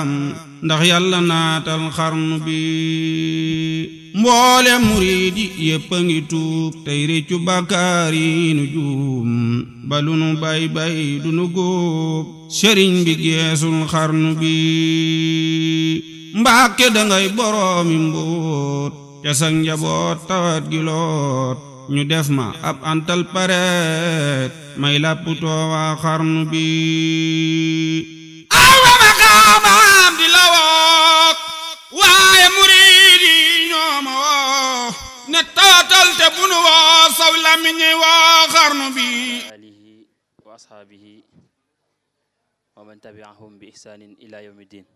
am ndax yàlla naatal xarnu bi mboole murid yépp a ngi tuub tey réccu bàkkaar yi nu juum ba nu bay bay du nu góob bi geesul xarnu bi mbàkke dangay boroomi mbóot ca njaboot tawat gi ñu def ma ab antal pareet may làpputoo waa xarnu bi maqaamaam di la wook waaye muriid yi ñooma te bu nu woo saw lamiñi woo bi alihi wa ashaabihi wa man tabi'ahum bi ihsaanin ila yawmi din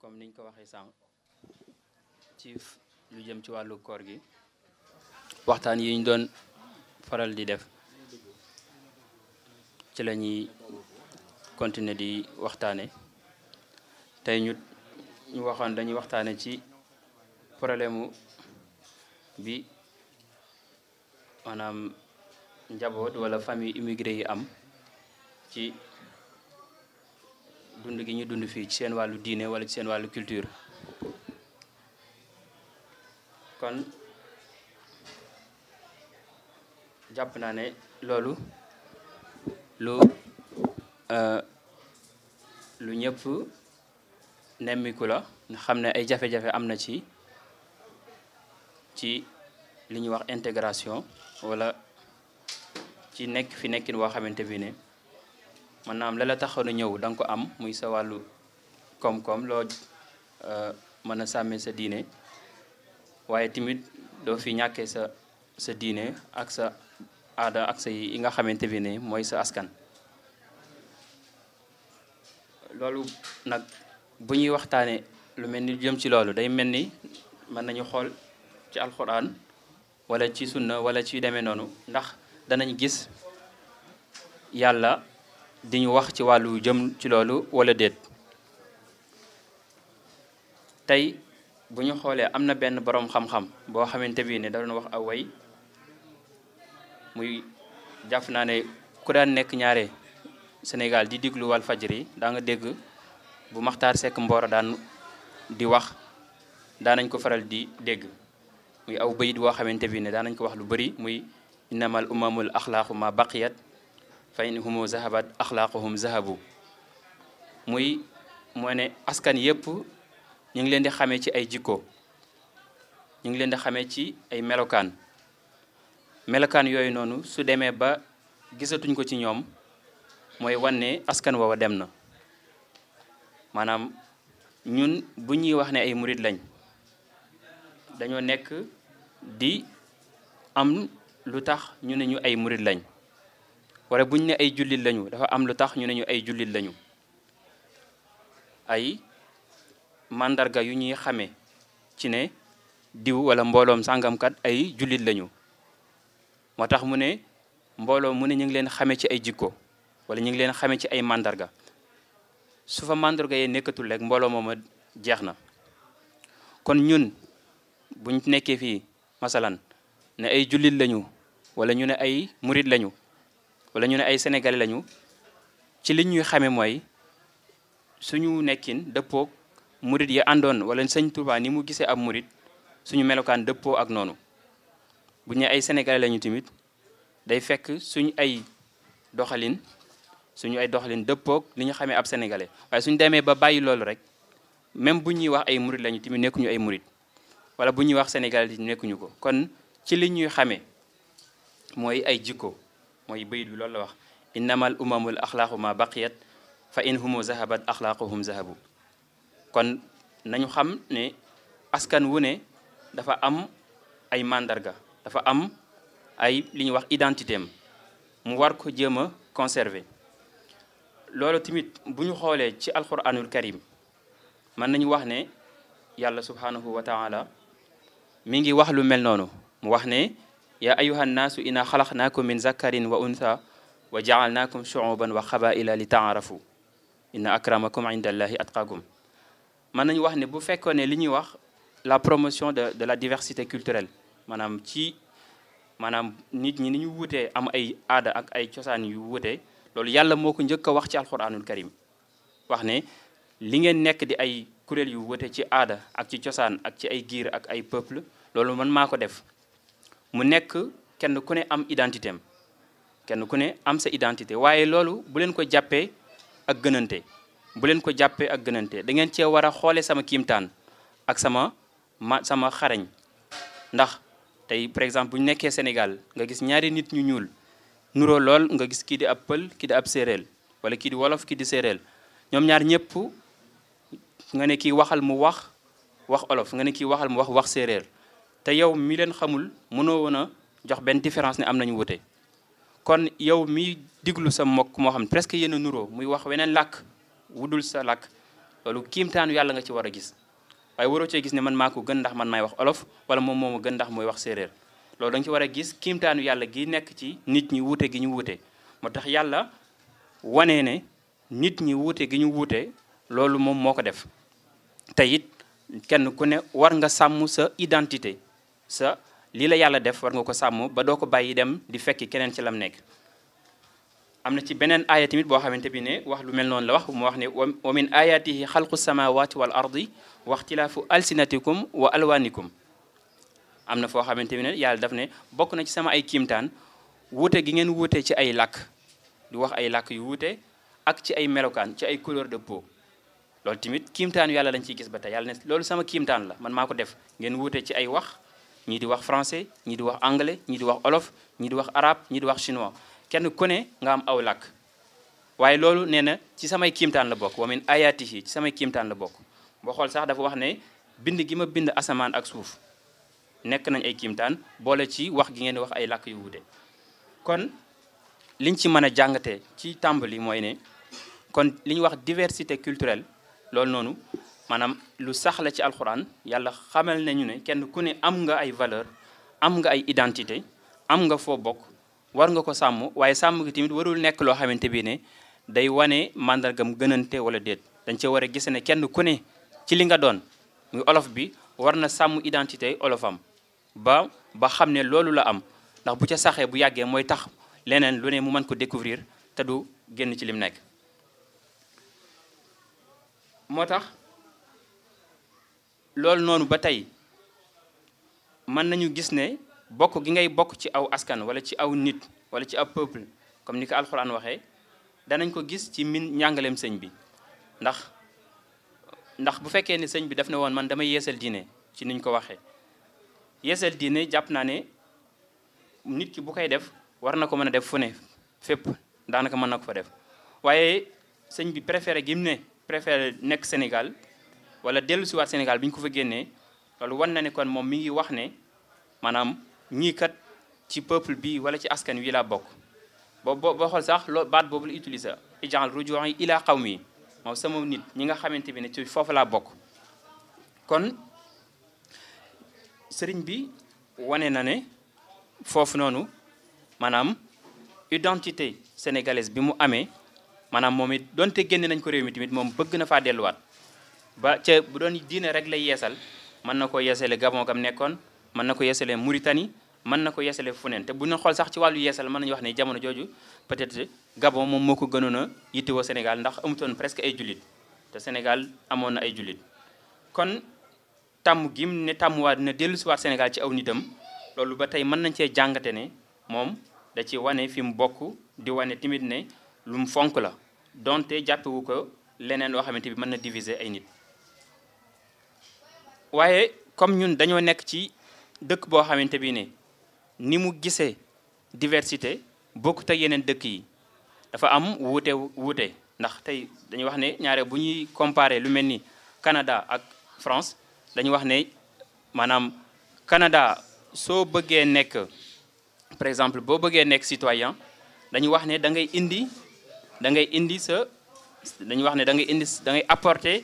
comme niñ ko waxee sànq ci lu jëm ci wàllu koor gi waxtaan yi ñu doon faral di def ci continuer di waxtaane tey ñu ñu waxoon dañuy waxtaane ci problème bi maanaam njaboot wala famille immigré yi am ci dund gi ñu dund fii ci seen wàllu diine wala ci seen wàllu culture kon jàpp naa ne loolu lu euh, lu ñëpp nemmiku la xam ne ay jafe-jafe am na ci ci li ñuy wax intégration wala ci nekk fi nekkin woo xamante bi ne maanaam la la taxoon a ñëw da ko am muy sa wàllu koom-koom loo euh, mën a sàmmee sa diine waaye tamit doo fi ñàkkee sa sa diine ak sa aada ak sa yi nga xamante bi ne mooy sa askan loolu nag bu ñuy waxtaanee lu mel ni jëm ci loolu day mel ni mën nañu xool ci alxuraan walla ci sunna wala ci demee noonu ndax danañ gis yàlla di ñu wax ci wàllu jëm ci loolu wala déet tey bu ñu xoolee am na benn boroom xam-xam boo xamante bi ne da doon wax aw way muy jàpp naa ne ku daan nekk ñaare Sénégal di diglu wal fajri daa dégg bu Maxtaar Sekk Mbooro daan di wax daanañ ko faral di dégg muy aw bayit woo xamante bi ne daanañ ko wax lu bari muy innamal umamul axlaaqu ma baqiyat fa in humu zahabat axlaaquhum zahabu muy moo ne askan yépp ñu ngi leen di xamee ci ay jikko ñu ngi leen di xamee ci ay melokaan melokaan yooyu noonu su demee ba gisatuñ ko ci ñoom mooy wanne askan woowa dem na maanaam ñun bu ñuy wax ne ay murit lañ dañoo nekk di am lu tax ñu ne ñu ay murit lañ wala buñ ne ay jullit lañu dafa am lu tax ñu ne ñu ay jullit lañu ay màndarga yu ñuy xamee ci ne diw wala mbooloom sàngamkat ay jullit lañu moo tax mu ne mbooloo mu ne ñu ngi leen xamee ci ay jikko wala ñu ngi leen xamee ci ay mandarga su fa mandarga nekkatul rek mbooloo mooma jeex na kon ñun buñ nekkee fii masalan ne ay jullit lañu wala ñu ne ay murit lañu wala ñu ne ay sénégalais lañu ci li ñuy xamee mooy suñu nekkin dëppoog murit yi àndoon walla sëñ Tuubaa ni mu gisee ab murit suñu melokaan dëppoo ak noonu bu ñu ay sénégalais lañu tamit day fekk suñu ay doxalin suñu ay doxalin dëppoog li ñu xamee ab sénégalais waaye suñu demee ba bàyyi loolu rek même bu ñuy wax ay murit lañu tamit nekkuñu ay murit wala bu ñuy wax sénégalais nekkuñu ko kon ci li ñuy xamee mooy ay jikko mooy bayit bi loolu la wax innamal umamul axlaaqu ma baqiyat fa in humu zahabat axlaaquhum zahabu kon nañu xam ne askan wu ne dafa am ay màndarga dafa am ay li ñuy wax identité am mu war ko jéem a conserver loolu tamit bu ñu xoolee ci alquranul karim mën nañu wax ne yàlla subhanahu wa taala mi ngi wax lu mel noonu mu wax ne yaa ayuha nnaasu ina xalaqnaakum min zakarin wa untha wa jaalnaakum shuuban wa xabaila li taarafu inna akramakum inda allahi atqakum mën nañu wax ne bu fekkoon ne li ñuy wax la promotion de de la diversité culturelle maanaam ci maanaam nit ñi ni ñu wutee am ay aada ak ay cosaan yu wutee loolu yàlla moo ko njëkk wax ci alxuraanul karim wax ne li ngeen nekk di ay kuréel yu wute ci aada ak ci cosaan ak ci ay giir ak ay peuple loolu man maa ko def mu nekk kenn ku ne am identité am kenn ku ne am sa identité waaye loolu bu leen ko jàppee ak gënante bu leen ko jàppee ak gënante da ngeen cee war a xoole sama kiimtaan ak sama ma sama xarañ ndax tey par exemple bu nekkee Sénégal nga gis ñaari nit ñu ñuul nuroo lool nga gis kii di ab pël kii di ab séeréel wala kii di wolof kii di séeréel ñoom ñaar ñëpp nga ne kii waxal mu wax wax olof nga ne kii waxal mu wax wax séeréer te yow mii leen xamul mënoo woon a jox benn différence ne am nañu wute kon yow mii diglu sa mbokk moo xam presque yenn a nuroo muy wax weneen làkk wudul sa làkk loolu kiimtaanu yàlla nga ci war a gis waaye waroo cee gis ne man maa ko gën ndax man maay wax olof wala moom moom ma gën mooy wax séeréer loolu da ci war a gis kiimtaanu yàlla gi nekk ci nit ñi wuute gi ñu wuute moo tax yàlla wanee ne nit ñi wuute gi ñu wuute loolu moom moo ko def te it kenn ku ne war nga sàmm sa identité sa lii la yàlla def war nga ko sàmm ba doo ko bàyyi dem di fekki keneen ci lam nekk am na ci beneen aaya boo xamante bi ne wax lu mel noonu la wax mu wax ne wa min ayatihi sama samawati wal ardi wa ixtilaafu alsinatikum wa alwanikum am na foo xamante ne yàlla daf ne bokk na ci sama ay kiimtaan wuute gi ngeen wuute ci ay lakk di wax ay làkk yu wuute ak ci ay melokaan ci ay couleur de peau loolu tamit kiimtaanu yàlla lañ ciy gis ba tey yàlla ne loolu sama kiimtaan la man maa ko def ngeen wuute ci ay wax ñii di wax français ñii di wax anglais ñii di wax olof ñii di wax arabe ñii di wax chinois kenn ku ne nga am aw lakk waaye loolu nee na ci samay kiimtaan la bokk wa min ayaatihi ci samay kiimtaan la bokk boo xool sax dafa wax ne bind gi ma bind asamaan ak suuf nekk nañ ay kiim kiimtaan boole ci wax gi ngeen wax ay làkk yu wuute kon liñ ci mën a jàngatee ci tàmbali mooy ne kon li ñuy wax diversité culturelle loolu noonu maanaam lu sax la ci alxuraan yàlla xamal nañu ne kenn ku ne am nga ay valeur am nga ay identité am nga foo bokk war nga ko sàmm waaye sàmm gi tamit warul nekk loo xamante bii ne day wane màndargam gënante wala déet dañ cee war a gise ne kenn ku ne ci li nga doon muy olof bi war na sàmm identité olofam ba ba xam ne loolu la am ndax bu ca saxee bu yàggee mooy tax leneen lu ne mu mën ko découvrir te du génn ci lim nekk moo tax loolu noonu ba tey mën nañu gis ne bokk gi ngay bokk ci aw askan wala ci aw nit wala ci aw peuple comme ni ko alxuraan waxee danañ ko gis ci min njàngaleem sëñ bi ndax ndax bu fekkee ne sëñ bi daf ne woon man dama yeesal diine ci niñ ko waxee yeesal diine jàpp naa ne nit ki bu koy def war na ko mën a def fu ne fépp daanaka mën na ko fa def waaye sëñ bi préféré gi mu ne préféré nekk Sénégal wala dellu si waat Sénégal bi ñu ko fa génnee loolu wan na ne kon moom mi ngi wax ne maanaam ñii kat ci peuple bi wala ci askan wi laa bokk boo boo xool sax loo baat boobu la utiliser ijaal rujuan yi ilaa xaw mi moom sama nit ñi nga xamante bi ne foofu laa bokk kon sëriñ bi wane na ne foofu noonu maanaam identité sénégalaise bi mu amee maanaam moom it donte génne nañ ko réew mi tamit moom bëgg na faa delluwaat ba ca bu doon diine rek lay yeesal mën na ko yeesale Gabon kam nekkoon mën na ko yeesale Mauritanie mën na ko yeesale funeen te bu ñu xool sax ci wàllu yeesal mën nañu wax ne jamono jooju peut-être Gabon moom moo ko gënoon a yittewoo Sénégal ndax amutoon presque ay jullit te Sénégal amoon na ay jullit kon tàmm gi mu ne tàmmuwaat dina dellusiwaat Sénégal ci aw nitam loolu ba tey mën nañ cee jàngate ne moom da ci wane fi mu bokk di wane tamit ne lu fonk la donte jàppewu ko leneen loo xamante bi mën na diviser ay nit waaye comme ñun dañoo nekk ci dëkk boo xamante bi ne ni mu gisee diversité bokkut ak yeneen dëkk yi dafa am wuute wuute ndax tey dañuy wax ne ñaare bu ñuy comparer lu mel ni kanada ak France dañu wax ne maanaam Canada soo bëggee nekk par exemple boo bëggee nekk citoyen dañu wax ne da ngay indi da ngay indi sa dañu wax ne da ngay indi da ngay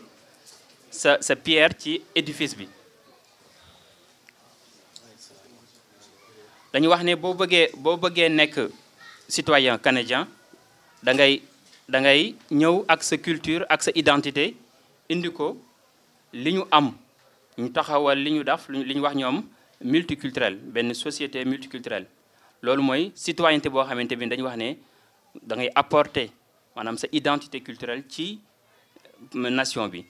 sa sa pierre ci édifice bi dañu wax ne boo bëggee boo bëggee nekk citoyen canadien da ngay da ngay ñëw ak sa culture ak sa identité indi ko li ñu am ñu taxawal li daf def li ñu wax ñoom multiculturel benn société multiculturelle loolu mooy citoyenneté boo xamante bi dañu wax ne da ngay apporter maanaam sa identité culturelle ci euh, nation bi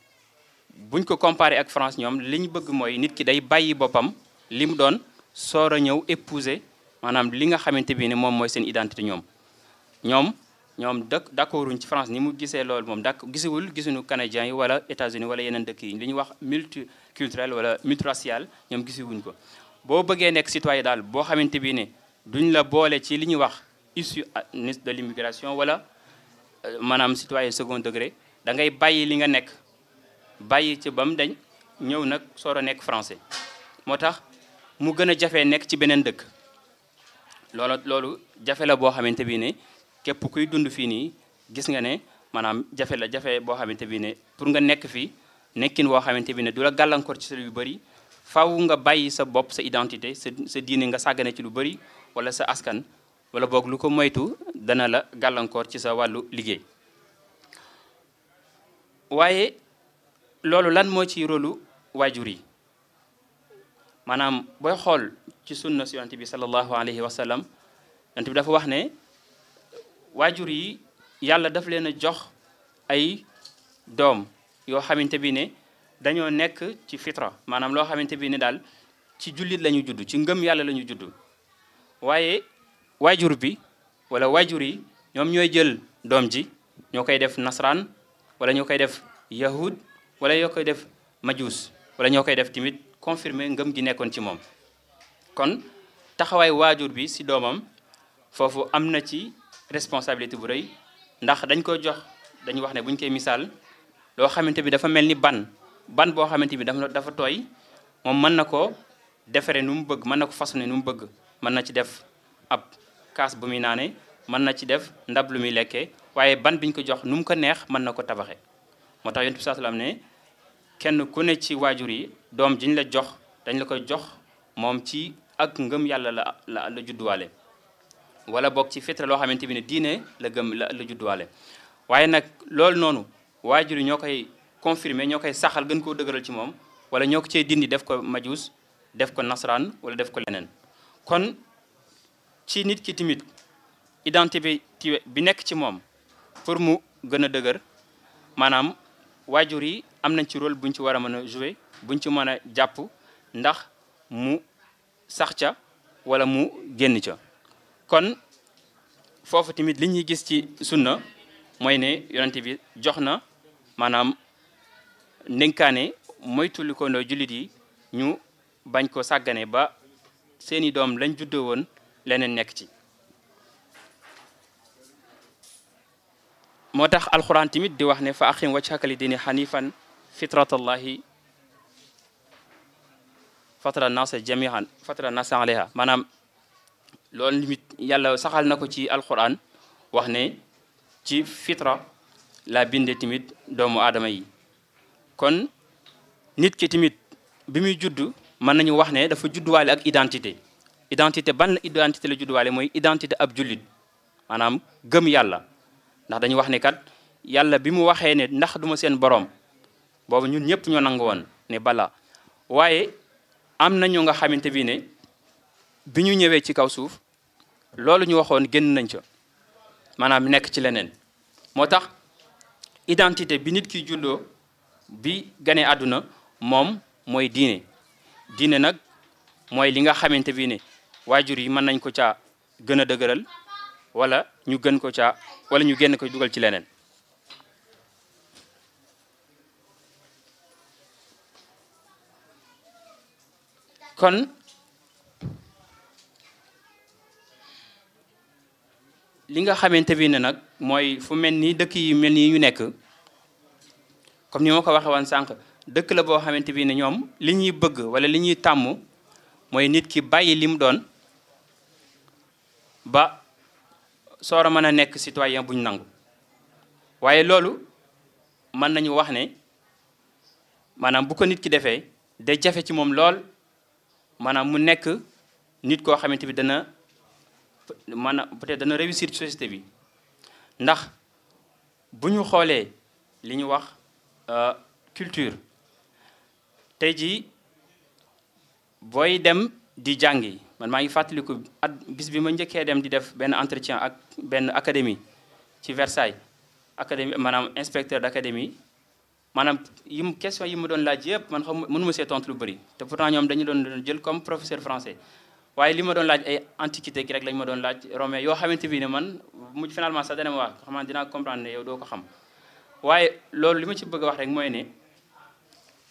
buñ ko comparé ak France ñoom li ñu bëgg mooy nit ki day bàyyi boppam li mu doon soor a ñëw épouser maanaam li nga xamante bi ne moom mooy seen identité ñoom ñoom ñoom dëkk d'accorduñ ci France ni mu gisee loolu moom dak gisuwul gisuñu canadiens yi wala États-Unis wala yeneen dëkk yi li ñuy wax multi culturelle wala multiraciale ñoom gisuwuñ ko boo bëggee nekk citoyen daal boo xamante bii ne duñ la boole ci li ñuy wax issue de l'immigration wala euh, maanaam citoyen second degré da ngay bàyyi li nga nekk bàyyi ci bam dañ ñëw nag soo a nekk français moo tax mu gën a jafee nekk ci beneen dëkk loolu loolu jafe la boo xamante bi ne képp kuy dund fii nii gis nga ne maanaam jafe la jafe boo xamante bi ne pour nga nekk fii nekkin woo xamante bi ne du la gàllankoor ci sa lu bari faw nga bàyyi sa bopp sa identité sa diine nga sàggane ci lu bari wala sa askan wala boog lu ko moytu dana la gàllankoor ci sa wàllu liggéey waaye loolu lan moo ci rôlu waajur yi maanaam booy xool ci sunna si yonent bi sallallahu alayhi wa sallam yonent bi dafa wax ne waajur yi yàlla daf leen a jox ay doom yoo xamante bi ne dañoo nekk ci fitra maanaam loo xamante bi ne daal ci jullit la ñu judd ci ngëm yàlla la ñu judd waaye waajur bi wala waajur yi ñoom ñooy jël doom ji ñoo koy def nasraan wala ñoo koy def yahud wala ñoo koy def majuus wala ñoo koy def tamit confirmer ngëm gi nekkoon ci moom kon taxawaay waajur bi si doomam foofu am na ci responsabilité bu rëy ndax dañ ko jox dañu wax ne buñ koy misaal loo xamante bi dafa mel ni ban ban boo xamante bi dafa dafa tooy moom mën na ko defaree nu mu bëgg mën na ko ne nu mu bëgg mën na ci def ab kaas bu muy naane mën na ci def ndab lu muy lekkee waaye ban biñ ko jox nu mu ko neex mën na ko tabaxee moo tax yonent bi sallallahu ne kenn ku ne ci waajur yi doom jiñ la jox dañ la ko jox moom ci ak ngëm yàlla la la judduwaale walla boog ci fitra loo xamante bi ne diine la gëm la la judduwaale waaye nag loolu noonu waajur yi ñoo koy confirmer ñoo koy saxal gën koo dëgëral ci moom wala ñoo ko cee dindi def ko majuus def ko nasaraan wala def ko leneen kon ci nit ki tamit identité bi nekk ci moom pour mu gën a dëgër maanaam waajur yi am nañ ci rôle buñ ci war a mën a jouer buñ ci mën a jàpp ndax mu sax ca wala mu génn ca kon foofu tamit li ñuy gis ci sunna mooy ne yonent bi jox na maanaam ndénkaane moytulikondoo jullit yi ñu bañ ko sàggane ba seeni doom lañ juddoo woon leneen nekk ci moo tax alxuraan tamit di wax ne fa aqim wajhaka li diini xanifan fitratallahi fatara nasa jamihan fatara nasa alayha maanaam loolu limit yàlla saxal na ko ci alxuraan wax ne ci fitra laa bindee tamit doomu adama yi kon nit ki tamit bi muy judd mën nañu wax ne dafa judduwaale ak identité identité ban identité la judduwaale mooy identité ab jullit maanaam gëm yàlla ndax dañu wax ne kat yàlla bi mu waxee ne ndax duma seen borom boobu ñun ñëpp ñoo nangu woon ne bala waaye am nañu nga xamante bi ne bi ñu ñëwee ci kaw suuf loolu ñu waxoon génn nañ ca maanaam nekk ci leneen moo tax identité bi nit ki julloo bi gane àdduna moom mooy diine diine nag mooy li nga xamante bi ne waajur yi mën nañ ko ca gën a dëgëral wala ñu gën ko caa wala ñu génn ko dugal ci leneen li nga xamante bi ne nag mooy fu mel ni dëkk yi mel nii ñu nekk comme ni ma ko waxee woon sànq dëkk la boo xamante bi ne ñoom li ñuy bëgg wala li ñuy tàmm mooy nit ki bàyyi li mu doon ba soor a mën a nekk citoyen buñ nangu waaye loolu mën nañu wax ne maanaam bu ko nit ki defee day jafe ci moom lool maanaam mu nekk nit koo xamante bi dana maanaam peut-être dana réussir ci société bi ndax bu ñu xoolee li ñu wax euh, culture tey jii booy dem di jàng yi man maa ngi fàttaliku at bis bi ma njëkkee dem di def benn entretien ak benn académie ci Versailles académie maanaam inspecteur d'académie maanaam yi mu question yi mu doon laaj yëpp man xam mënuma see tontu lu bëri te pourtant ñoom dañu doon jël comme professeur français waaye li ma doon laaj ay antiquité rek lañ ma doon laaj romain yoo xamante bi ne man mujj finalement sax dana ma wax xamaan dinaa comprendre ne yow ko xam waaye loolu li ma ci bëgg a mooy ne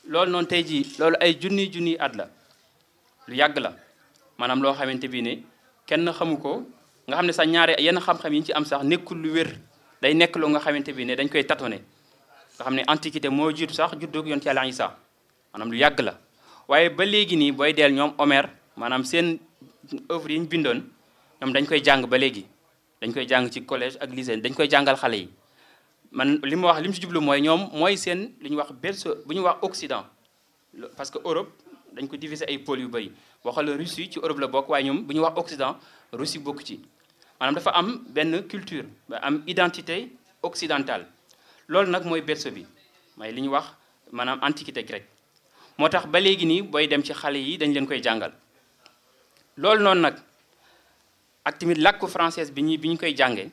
loolu noonu tey jii loolu ay junni junni at la lu yàgg la maanaam loo xamante bi ne kenn xamu ko nga xam ne sax ñaare yenn xam-xam yi ci am sax nekkul lu wér day nekk lu nga xamante bi ne dañ koy tâtonner nga xam ne antiquité moo jur sax juddug yoon ci Yàlla sax maanaam lu yàgg la waaye ba léegi nii booy deel œuvre yi ñu bindoon ñoom dañ koy jàng ba léegi dañ koy jàng ci collège ak lycée dañ koy jàngal xale yi man li ma wax li mu ci jublu mooy ñoom mooy seen li ñu wax berceau bu ñu wax Occident parce que Europe dañ ko diviser ay pôles yu bëri boo xoolee Russie ci Europe la bokk waaye ñoom bu ñu wax Occident Russie bokk ci maanaam dafa am benn culture am identité occidentale loolu nag mooy berceau bi mooy li ñu wax maanaam antiquité rek moo tax ba léegi nii booy dem ci xale yi dañ leen koy jàngal loolu noonu nag ak tamit làkku française bi ñuy bi ñu koy jànge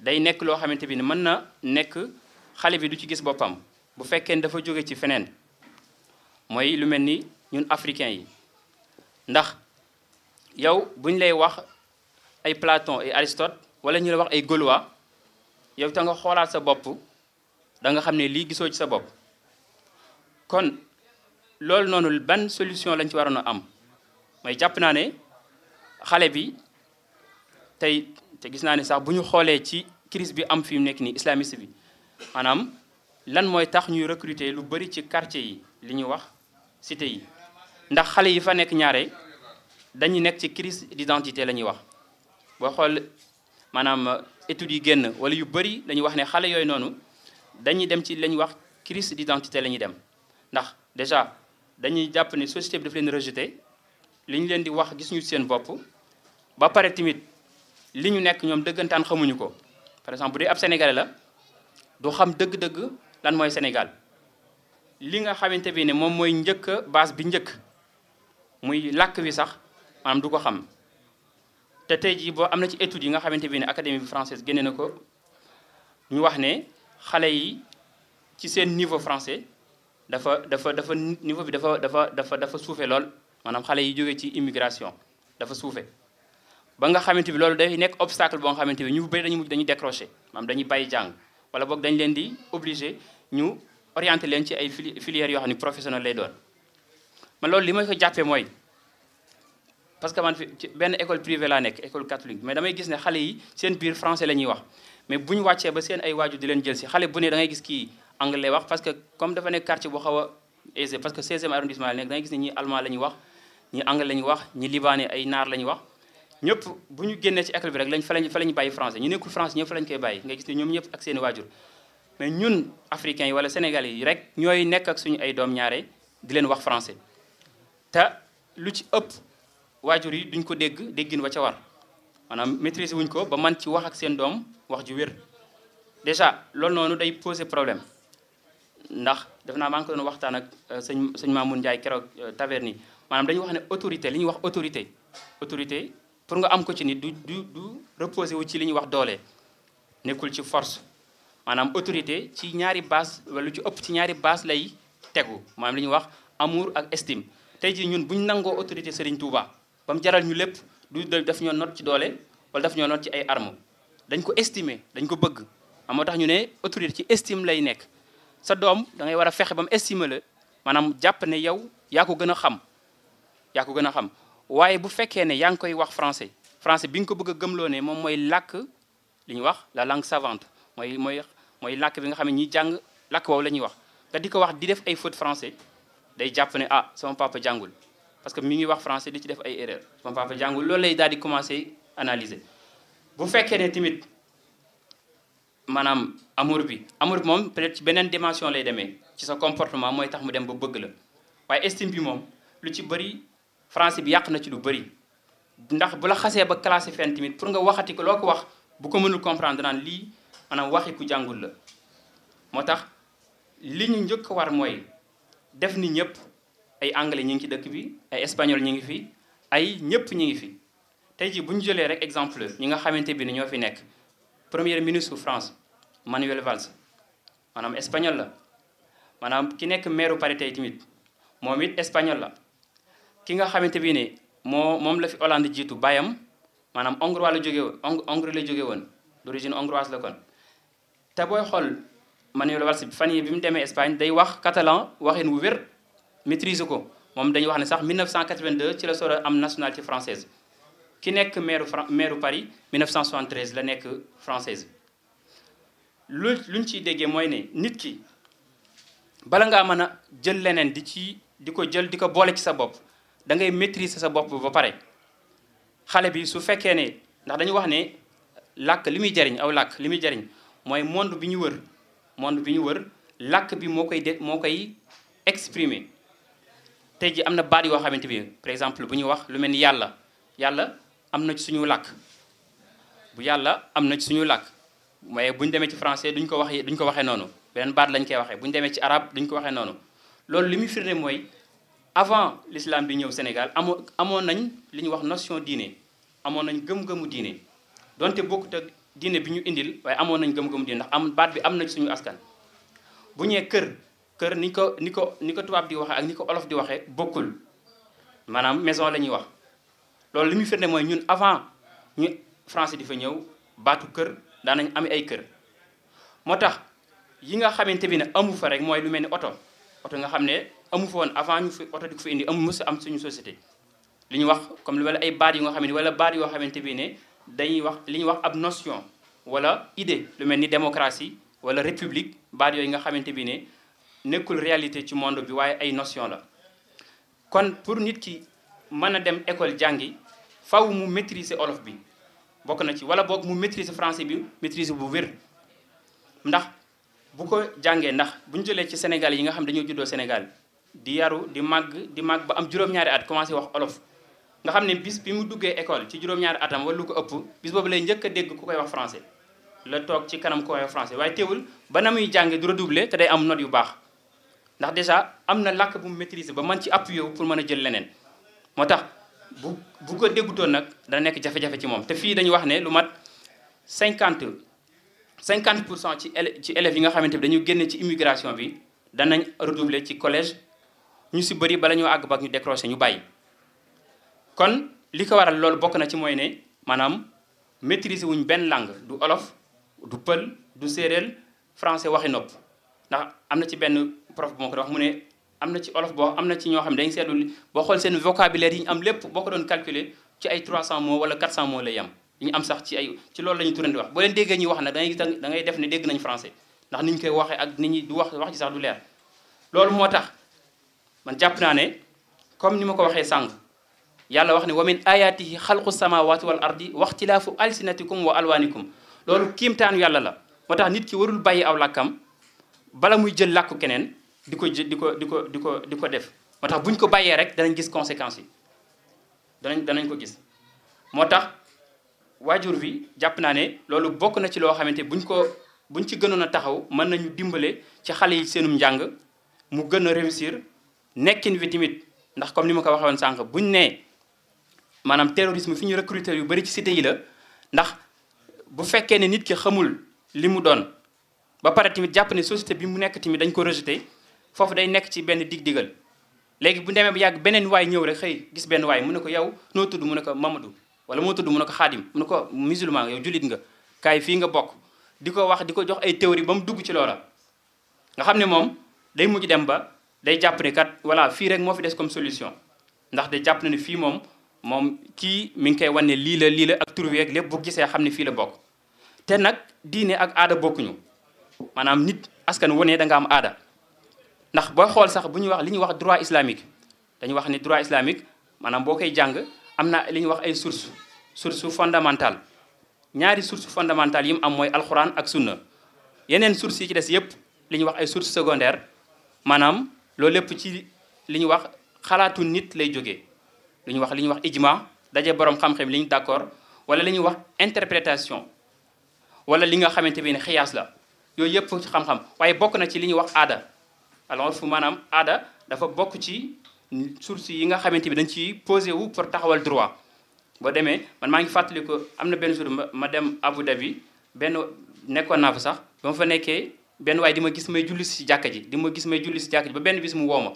day nekk loo xamante bi ni mën na nekk xale bi du ci gis boppam bu fekkee ne dafa jóge ci feneen mooy lu mel ni ñun africains yi ndax yow bu ñu lay wax ay Platon ay Aristote wala ñu la wax ay Gaulois yow ta nga xoolaat sa bopp danga xam ne lii gisoo ci sa bopp kon loolu noonu ban solution lañ ci waroon a am may jàpp naa ne xale bi tey te gis naa ne sax bu ñu xoolee ci crise bi am fi mu nekk nii islamiste bi maanaam lan mooy tax ñuy recruter lu bari ci quartier yi li ñuy wax cité yi ndax xale yi fa nekk ñaare dañuy nekk ci crise d'identité la ñuy wax boo xool maanaam études yi génn wala yu bari dañuy wax ne xale yooyu noonu dañuy dem ci la ñuy wax crise d'identité la ñuy dem ndax déjà dañuy jàpp ni société bi daf leen rejeté li ñu leen di wax gis ñu seen bopp ba pare tamit li ñu nekk ñoom dëggantaan xamuñu ko par exemple bu ab sénégalais la du xam dëgg-dëgg lan mooy Sénégal li nga xamante bi ne moom mooy njëkk base bi njëkk muy làkk wi sax maanaam du ko xam te tey jii boo am na ci études yi nga xamante bi ne académie bi française génne na ko ñu wax ne xale yi ci seen niveau français dafa dafa dafa niveau bi dafa dafa dafa dafa suufe lool maanaam xale yi jógee ci immigration dafa suufe ba nga xamante bi loolu day nekk obstacle boo nga xamante bi ñu bëri dañu mujj dañuy décroché maanaam dañuy bàyyi jàng wala boog dañ leen di obligé ñu orienté leen ci ay filières yoo xam ne professionnel lay doon man loolu li ma ko jàppee mooy parce que man fi benn école privée laa nekk école catholique mais damay gis ne xale yi seen biir français la ñuy wax mais bu ñu wàccee ba seen ay waajur di leen jël si xale bu ne da ngay a e arrondissement la nekk da la ñuy wax ñi anglais lañu wax ñi libanais ay naar lañu wax ñëpp bu ñu génnee ci école bi rek lañ fa lañ fa lañ bàyyi français ñu nekkul français ñëpp fa lañ koy bàyyi nga gis ne ñoom ñëpp ak seeni waajur mais ñun africain yi wala sénégalais yi rek ñooy nekk ak suñu ay doom ñaare di leen wax français te lu ci ëpp waajur yi duñ ko dégg déggin wa ca war maanaam maîtriser wuñ ko ba man ci wax ak seen doom wax ju wér déjà loolu noonu day poser problème ndax def naa maa ngi ko doon waxtaan ak euh, sëñ sëñ Mamoun Ndiaye keroog euh, Taverny maanaam dañu wax ne autorité li ñu wax autorité autorité pour nga am ko ci ni du du du reposé wu ci li ñuy wax doole nekkul ci force maanaam autorité ci ñaari base wala lu ci ëpp ci ñaari base lay tegu maanaam li ñuy wax amour ak estime tey jii ñun bu ñu nangoo autorité Serigne Touba ba mu jaral ñu lépp du daf ñoo not ci doole wala daf ñoo not ci ay armes dañ ko estimer dañ ko bëgg moo tax ñu ne autorité ci estime lay nekk sa doom da ngay war a fexe ba mu estimer la maanaam jàpp ne yow yaa ko gën a xam yaa ko gën a xam waaye bu fekkee ne yaa ngi koy wax français français bi nga ko bëgg a moom mooy làkk li ñuy wax la langue savante mooy mooy mooy làkk bi nga xam ne ñi jàng làkk woowu la ñuy wax te di ko wax di def ay faute français day jàpp ne ah sama papa jàngul parce que mi ngi wax français di ci def ay erreur sama papa jàngul loolu lay daal di commencer analyser bu fekkee ne tamit maanaam amur bi amour bi moom peut-être ci beneen dimension lay demee ci sa comportement mooy tax mu dem ba bëgg la français bi yàq na ci lu bëri ndax bu la xasee ba classé fenn tamit pour nga waxati ko loo ko wax bu ko mënul comprendre naan lii maanaam waxi ku jàngul la moo tax li ñu njëkk war mooy def ni ñëpp ay anglais ñi ngi ci dëkk bi ay espagnol ñi ngi fi ay ñëpp ñi ngi fi tey jii bu ñu jëlee rek exemple ñi nga xamante bi ne ñoo fi nekk premier ministre France Manuel Valls maanaam espagnol la maanaam ki nekk maire Paris tey tamit moom it espagnol la ki nga xamante bi ne moo moom la fi Hollande jiitu baayam maanaam hongrois la jóge woon hongrie la jóge woon d'origine hongroise la kon te booy xool Manuel Valls fan yi bi mu demee Espagne day wax catalan waxin wu wér maîtriser ko moom dañuy wax ne sax 1982 ci la soro am nationalité française ki nekk maire maire Paris 1973 la nekk française lu luñ ci déggee mooy ne nit ki bala ngaa mën a jël leneen di ci di ko jël di ko boole ci sa bopp da ngay maîtriser sa bopp ba pare xale bi su fekkee ne ndax dañu wax ne làkk li muy jariñ aw làkk li muy jariñ mooy monde bi ñu wër monde bi ñu wër làkk bi moo koy de moo koy exprimer te ji am na baat yoo xamante bi par exemple bu ñu wax lu mel ni yàlla yàlla am na ci suñu làkk bu yàlla am na ci suñu làkk mooy bu ñu demee ci français duñ ko waxee duñ ko waxee noonu beneen baat lañ koy waxee bu ñu demee ci arab duñ ko waxee noonu loolu li muy firnde mooy avant lislaam bi ñëw Sénégal amoo amoon nañ li ñu wax notion diine amoon nañ gëm-gëmu diine donte bokkut ak diine bi ñu indil waaye amoon nañ gëm-gëmu diine ndax am baat bi am na suñu askan bu ñee kër kër ni ko ni ko ni ko tubaab di waxee ak ni ko olof di waxee bokkul maanaam maison la ñuy wax loolu li muy firnde mooy ñun avant ñu français di fa ñëw baatu kër daanañ ame ay kër moo tax yi nga xamante bi ne amu fa rek mooy lu mel ni oto oto nga xam ne amu fa woon avant ñu fi oto di ko fi indi amu mës am suñu société li ñu wax comme lu mel ay baat yu nga xam ne wala baat yoo xamante bi ne dañuy wax li ñuy wax ab notion wala idée lu mel ni démocratie wala république baat yooyu nga xamante bi ne nekkul réalité ci mondo bi waaye ay notion la kon pour nit ki mën a dem école jàngi faw mu maîtriser olof bi bokk na ci wala boog mu maîtriser français bi maîtriser bu wér ndax bu ko jàngee ndax bu ñu jëlee ci Sénégal yi nga xam dañoo juddoo Sénégal di yaru di màgg di màgg ba am juróom-ñaari at commencé wax olof nga xam ne bis bi mu duggee école ci juróom-ñaari atam wala lu ko ëpp bis boobu lay njëkk a dégg ku koy wax français la toog ci kanam ku koy wax français waaye teewul ba na muy jànge du redoubler te day am note yu baax ndax déjà am na làkk bu mu maîtriser ba man ci appuyer wu pour mën a jël leneen moo tax bu bu ko déggutoon nag dana nekk jafe ci moom te fii dañu wax ne lu mat cinquante cinquante pour cent ci ci élèves yi nga xamante bi dañu génne ci immigration bi danañ redoubler ci collège ñu si bëri bala ñoo àgg bac ñu décroché ñu bàyyi. kon li ko waral loolu bokk na ci mooy ne maanaam maîtriser wuñ benn lang du olof du pël du séeréel français waxi nopp ndax am na ci benn prof bu ma ko wax mu ne am na ci olof boo am na ci ñoo xam ne dañ seetlu boo xool seen vocabulaire yi ñu am lépp boo ko doon calculer ci ay 300 mots wala 400 mots lay am. li ñu am sax ci ci loolu la ñu turandi wax boo leen déggee ñuy wax nag dangay da ngay def ne dégg nañ français ndax ni ñu koy waxee ak ni ñu du wax wax ci sax du leer loolu moo tax man jàpp naa ne comme ni ma ko waxee sànq yàlla wax ne wa min ayatihi xalqu samawati wal ardi waxtilaafu alsinatikum wa alwaanikum loolu kiimtaanu yàlla la moo tax nit ki warul bàyyi aw làkkam bala muy jël làkku keneen di ko di ko di ko di ko di ko def moo tax bu ñu ko bàyyee rek danañ gis conséquences yi danañ danañ ko gis waajur wi jàpp naa ne loolu bokk na ci loo xamante buñ ko bu buñ ci gënoon a taxaw mën nañu dimbale ci xale yi seenum njàng mu gën a réussir nekkin wi tamit ndax comme ni ma ko waxee woon sànq buñ nee maanaam terrorisme fi ñu recruter yu bari ci cité la ndax bu fekkee ne nit ki xamul li mu doon ba pare tamit jàpp ne société bi mu nekk timit dañ ko rejeté foofu day nekk ci benn dig-digal léegi bu demee ba yàgg beneen waay ñëw rek xëy gis benn waay mu ne ko yow noo tudd mu ne ko Mamadou wala moo tudd mu ne ko xaadim mu ne ko musulman yow jullit nga kaay fii nga bokk di ko wax di ko jox ay théorie ba mu dugg ci loola nga xam ne moom day mujj dem ba day jàpp ne kat voilà fii rek moo fi des comme solution ndax day jàpp ne fii moom moom kii mi ngi koy wan lii la lii la ak tur wi lépp bu gisee xam ne fii la bokk te nag diine ak aada bokkuñu maanaam nit askan wu ne da nga am aada ndax booy xool sax bu ñuy wax li ñuy wax droit islamique dañuy wax ne droit islamique maanaam boo koy jàng am na li ñuy wax ay source source fondamentale ñaari source fondamentale yi mu am mooy alxuraan ak sunna yeneen source yi ci des yépp li ñuy wax ay source secondaire maanaam loolu lépp ci li ñuy wax xalaatu nit lay jóge li ñu wax li ñuy wax ijma daje borom xam-xam li ñu d'accord wala li ñuy wax interprétation wala li nga xamante bi ne xiyaas la yooyu yëpp ci xam-xam waaye bokk na ci li ñuy wax aada alors fu maanaam aada dafa bokk ci source yi nga xamante bi dañ ci posé wu pour taxawal droit boo demee man maa ngi fàttali ko am na benn jour ma dem Abu Dhabi benn nekkoon naa fa sax ba ma fa nekkee benn waaye di ma gis may julli si jàkka ji di ma gis may julli si jàkka ji ba benn bis mu woo ma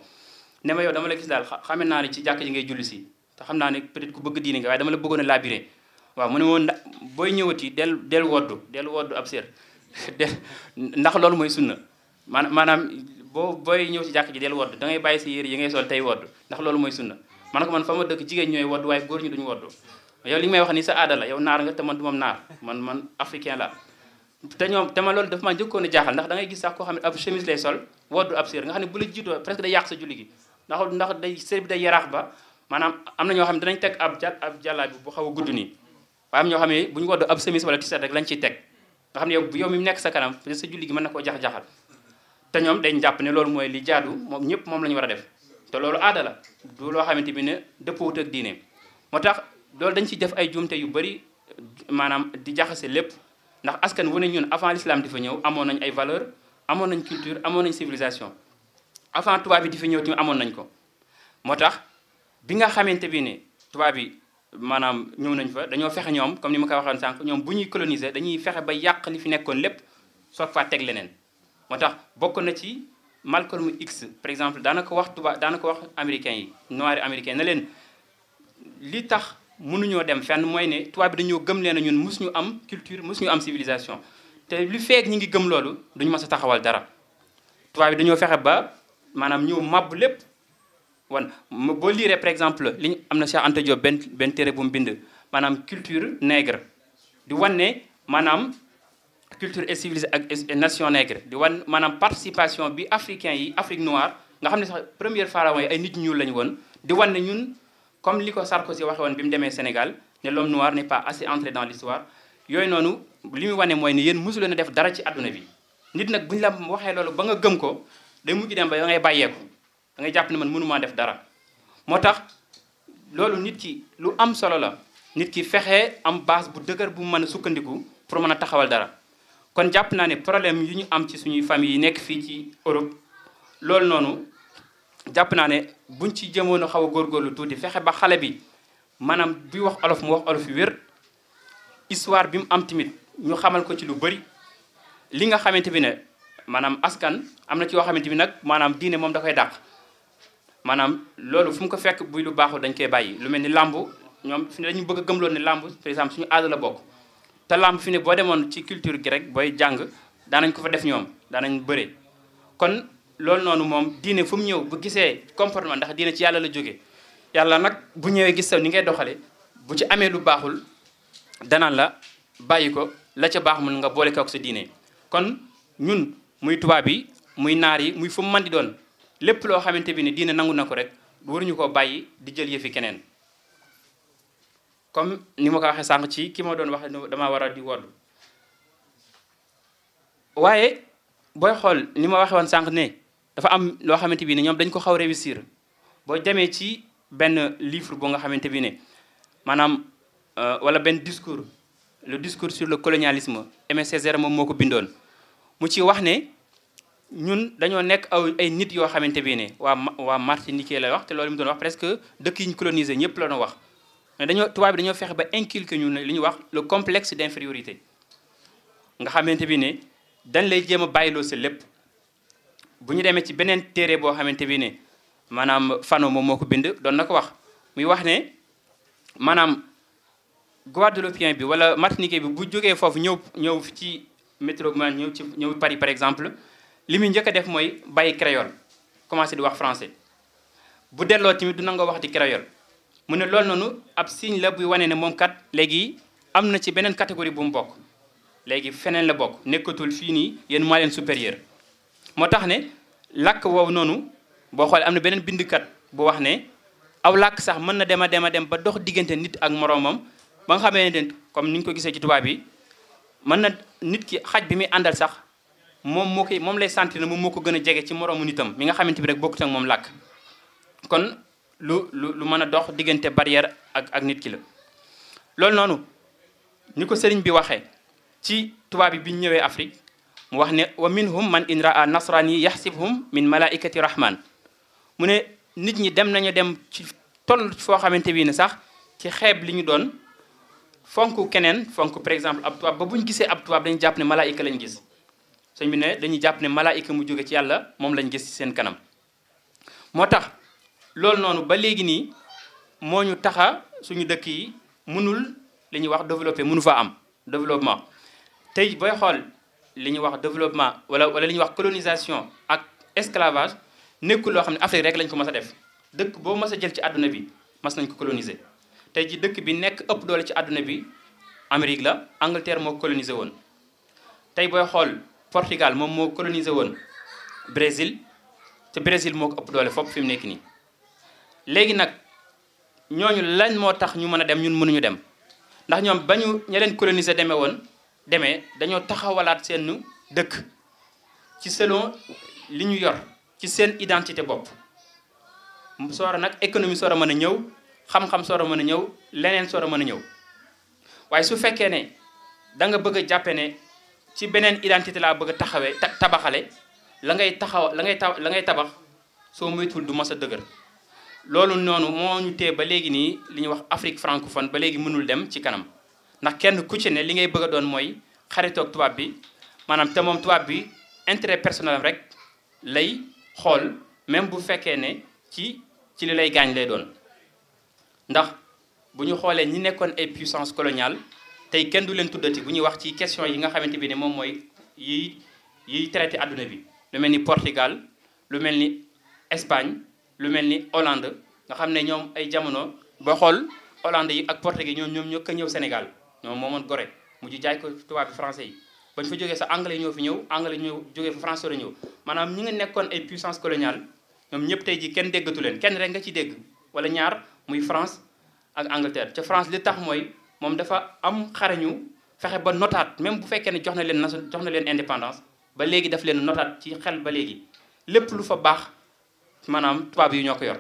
ne ma yow dama la gis daal xame naa ne ci jàkka ji ngay julli si te xam naa ne peut-être ku bëgg diine nga waaye dama la bëggoon a labiré waaw mu ne woon booy ñëwati del del woddu del woddu ab seer de ndax loolu mooy sunna boo booy ñëw ci jàkk ji del wodd da ngay bàyyi sa yére yi ngay sol tey wodd ndax loolu mooy sunna man na ko man fa ma dëkk jigéen ñooy wodd waaye góor ñu duñu wodd a koo xam ne ab chemise lay sol presque day yàq sa julli gi ndax ndax day bi day yaraax ba maanaam am na ñoo xam ne dinañ teg ab jàll ab jàllaa bu xaw a gudd nii waaye am ñoo xam ne bu ñu woddu ab chemise wala t rek lañ ciy teg nga xam ne yow yow mi nekk sa kanam sa julli gi mën na ko jax-jaxal te ñoom dañ jàpp ne loolu mooy li jaadu moom ñëpp moom la war a def te loolu aada la du loo xamante bi ne dëppoowut ak diine moo tax loolu dañu ci def ay jumte yu bëri maanaam di jaxase lépp ndax askan wu ne ñun avant l'islam di fa ñëw amoon nañ ay valeur amoon nañ culture amoon nañ civilisation avant tubaab bi di fi ñëw amoon nañ ko moo tax bi nga xamante bi ne tubaab bi maanaam ñëw nañ fa dañoo fexe ñoom comme ni ma ko waxoon sànq ñoom bu ñuy coloniser dañuy fexe ba yàq li fi nekkoon lépp soog faa teg leneen moo tax bokk na ci Malcolm X par exemple daana ko wax tubaab daana ko wax américain yi noir américain na leen li tax mënuñoo dem fenn mooy ne tubaab bi dañoo gëm leen ñun mus ñu am culture mus ñu am civilisation te lu feeg ñi ngi gëm loolu duñu mës a taxawal dara tubaab bi dañoo fexe ba maanaam ñëw màbb lépp wan boo liiree par exemple li am na Cheikh Anta Diop benn benn téere bu mu bind maanaam culture nègre di wan maanaam culture et civilisée ak nation nègre di wan maanaam participation bi africain yi Afrique noire nga xam ne sax première pharaon yi ay nit ñuul lañu woon di wan ne ñun comme li ko Sarkozy waxe woon bi mu demee Sénégal ne l'homme noir n'est pas assez entré dans l'histoire yooyu noonu li muy wane mooy ni yéen mosu leen a def dara ci àdduna bi nit nag bu ñu la mu waxee loolu ba nga gëm ko day mujj dem ba da ngay bàyyeeku da ngay jàpp ne man mënumaa def dara moo tax loolu nit ki lu am solo la nit ki fexe am base bu dëgër bu mën a sukkandiku pour mën a taxawal dara kon jàpp naa ne problème yu ñu am ci suñuy famille yi nekk fii ci Europe loolu noonu jàpp naa ne buñ ci jëmoon a xaw a góorgóorlu tuuti fexe ba xale bi maanaam bi wax olof mu wax olof yu wér histoire bi mu am tamit ñu xamal ko ci lu bëri li nga xamante bi ne maanaam askan am na ci yoo xamante bi nag maanaam diine moom da koy dàq maanaam loolu fu mu ko fekk buy lu baaxul dañ koy bàyyi lu mel ni làmb ñoom fu ne dañu bëgg a gëmloon ne làmb par exemple suñu aada la te làmb fi ne boo demoon ci culture gi rek booy jàng daanañ ko fa def ñoom daanañ bëre kon loolu noonu moom diine fu mu ñëw bu gisee comportement ndax diine ci yàlla la jóge yàlla nag bu ñëwee gis sa ni ngay doxale bu ci amee lu baaxul danan la bàyyi ko la ca baax mun nga boole ko sa diine kon ñun muy tubaab yi muy naar yi muy fu mu mën di doon lépp loo xamante bi ne diine nangu na ko rek waruñu koo bàyyi di jël yëfi keneen comme ni ma ko waxee sànq ci ki ma doon wax damaa war a di wodd waaye booy xool ni ma waxee woon sànq ne dafa am loo xamante bi ne ñoom dañ ko xaw réussir boo demee ci benn livre boo nga xamante bi ne maanaam euh, wala benn discours le discours sur le colonialisme Aimé Césaire moom moo ko bindoon mu ci wax ne ñun dañoo nekk aw ay nit yoo xamante bi ne waa waa Martinique lay wax te loolu mu doon wax presque dëkk yi ñu ñëpp la doon wax mais dañoo tubaab bi dañoo fexe ba inculquer ñu ne li ñuy wax le complexe d'infériorité nga xamante bi ne dañ lay jéem a bàyyiloo sa lépp bu ñu demee ci beneen téere boo xamante bi ne maanaam Fano moom moo ko bind doon na ko wax muy wax ne maanaam guadeloupien bi wala martiniquais bi bu jógee foofu ñëw ñëw ci métro man ñëw ci ñëw Paris par exemple li muy njëkk a def mooy bàyyi créole commencé di wax français bu delloo tamit du nangoo wax di créole mu ne lool noonu ab signe la buy wanee ne moom kat léegi am na ci beneen catégorie bu mu bokk léegi feneen la bokk nekkatul fii nii yéen maa leen moo tax ne làkk woowu noonu boo xoolee am na beneen bindkat bu wax ne aw làkk sax mën na dem a dem a dem ba dox diggante nit ak moroomam ba nga xamee ne comme ni ñu ko gisee ci tubaab bi mën na nit ki xaj bi muy àndal sax moom moo koy moom lay sentir ne moom moo ko gën a jege ci moroomu nitam mi nga xamante bi rek bokkut ak moom làkk lu lu lu mën a dox diggante barrière ak ak nit ki la loolu noonu ni ko sëriñ bi waxee ci tuwaab bi bi ñu ñëwee Afrique mu wax ne wa minhum man in raa nasrani yaxsibhum min malaikati rahman mu ne nit ñi dem nañu dem ci toll foo xamante bii ne sax ci xeeb li ñu doon fonk keneen fonk par exemple ab tubaab ba bu ñu gisee ab tuwaab dañu jàpp ne malaayika lañ gis sëñ bi ne dañuy jàpp ne malaayika mu jóge ci yàlla moom lañ gis ci seen kanam moo tax loolu noonu ba léegi nii moo ñu taxa suñu dëkk yi mënul li ñuy wax développé mënu faa am développement tey booy xool li ñuy wax développement wala wala li ñuy wax colonisation ak esclavage nekkul loo xam ne Afrique rek lañ ko mas a def dëkk boo mas a jël ci àdduna bi mas nañ ko coloniser tey ji dëkk bi nekk ëpp doole ci àdduna bi Amérique la Angleterre moo colonisé woon tey booy xool Portugal moom moo colonisé woon Brésil te Brésil moo ko ëpp doole fopp fi mu nekk nii léegi nag ñooñu lan moo tax ñu mën a dem ñun mënuñu dem ndax ñoom ba ñu ña leen coloniser demee woon demee dañoo taxawalaat seen dëkk ci selon li ñu yor ci seen identité bopp soora nag économie soora mën a ñëw xam-xam soora mën a ñëw leneen soora mën a ñëw waaye su fekkee ne da nga bëgg a jàppe ne ci beneen identité laa bëgg a taxawee tabaxale la ngay taxaw la ngay ta la ngay tabax soo moytuwul du mas a dëgër loolu noonu moo ñu tee ba léegi nii li ñu wax Afrique francophone ba léegi mënul dem ci kanam ndax kenn ku ci ne li ngay bëgg a doon mooy xaritoog tubaab bi maanaam te moom tubaab bi intérêt personnel rek lay xool même bu fekkee ne ci ci li lay gaañ lay doon ndax bu ñu xoolee ñi nekkoon ay puissance coloniale tey kenn du leen tuddati bu ñuy wax ci question yi nga xamante bi ne moom mooy yi yiy traité adduna bi lu mel ni Portugal lu mel ni Espagne lu mel ni Hollande nga xam ne ñoom ay jamono ba xool Hollande yi ak portugais ñoom ñoom ñoo ñëw Sénégal ñoom moomoon Gorée mujj jaay ko tubaab bi français yi bañ fa jógee sa anglais fi ñëw anglais ñëw jógee fa français la maanaam ñi nga nekkoon ay puissance coloniale ñoom ñëpp tey ji kenn déggatu leen kenn rek nga ci dégg wala ñaar muy France ak Angleterre ca France li tax mooy moom dafa am xarañu fexe ba notaat même bu fekkee ne jox na leen na jox na leen indépendance ba léegi daf leen notaat ci xel ba léegi lépp lu fa baax maanaam tubaab yi ñoo ko yor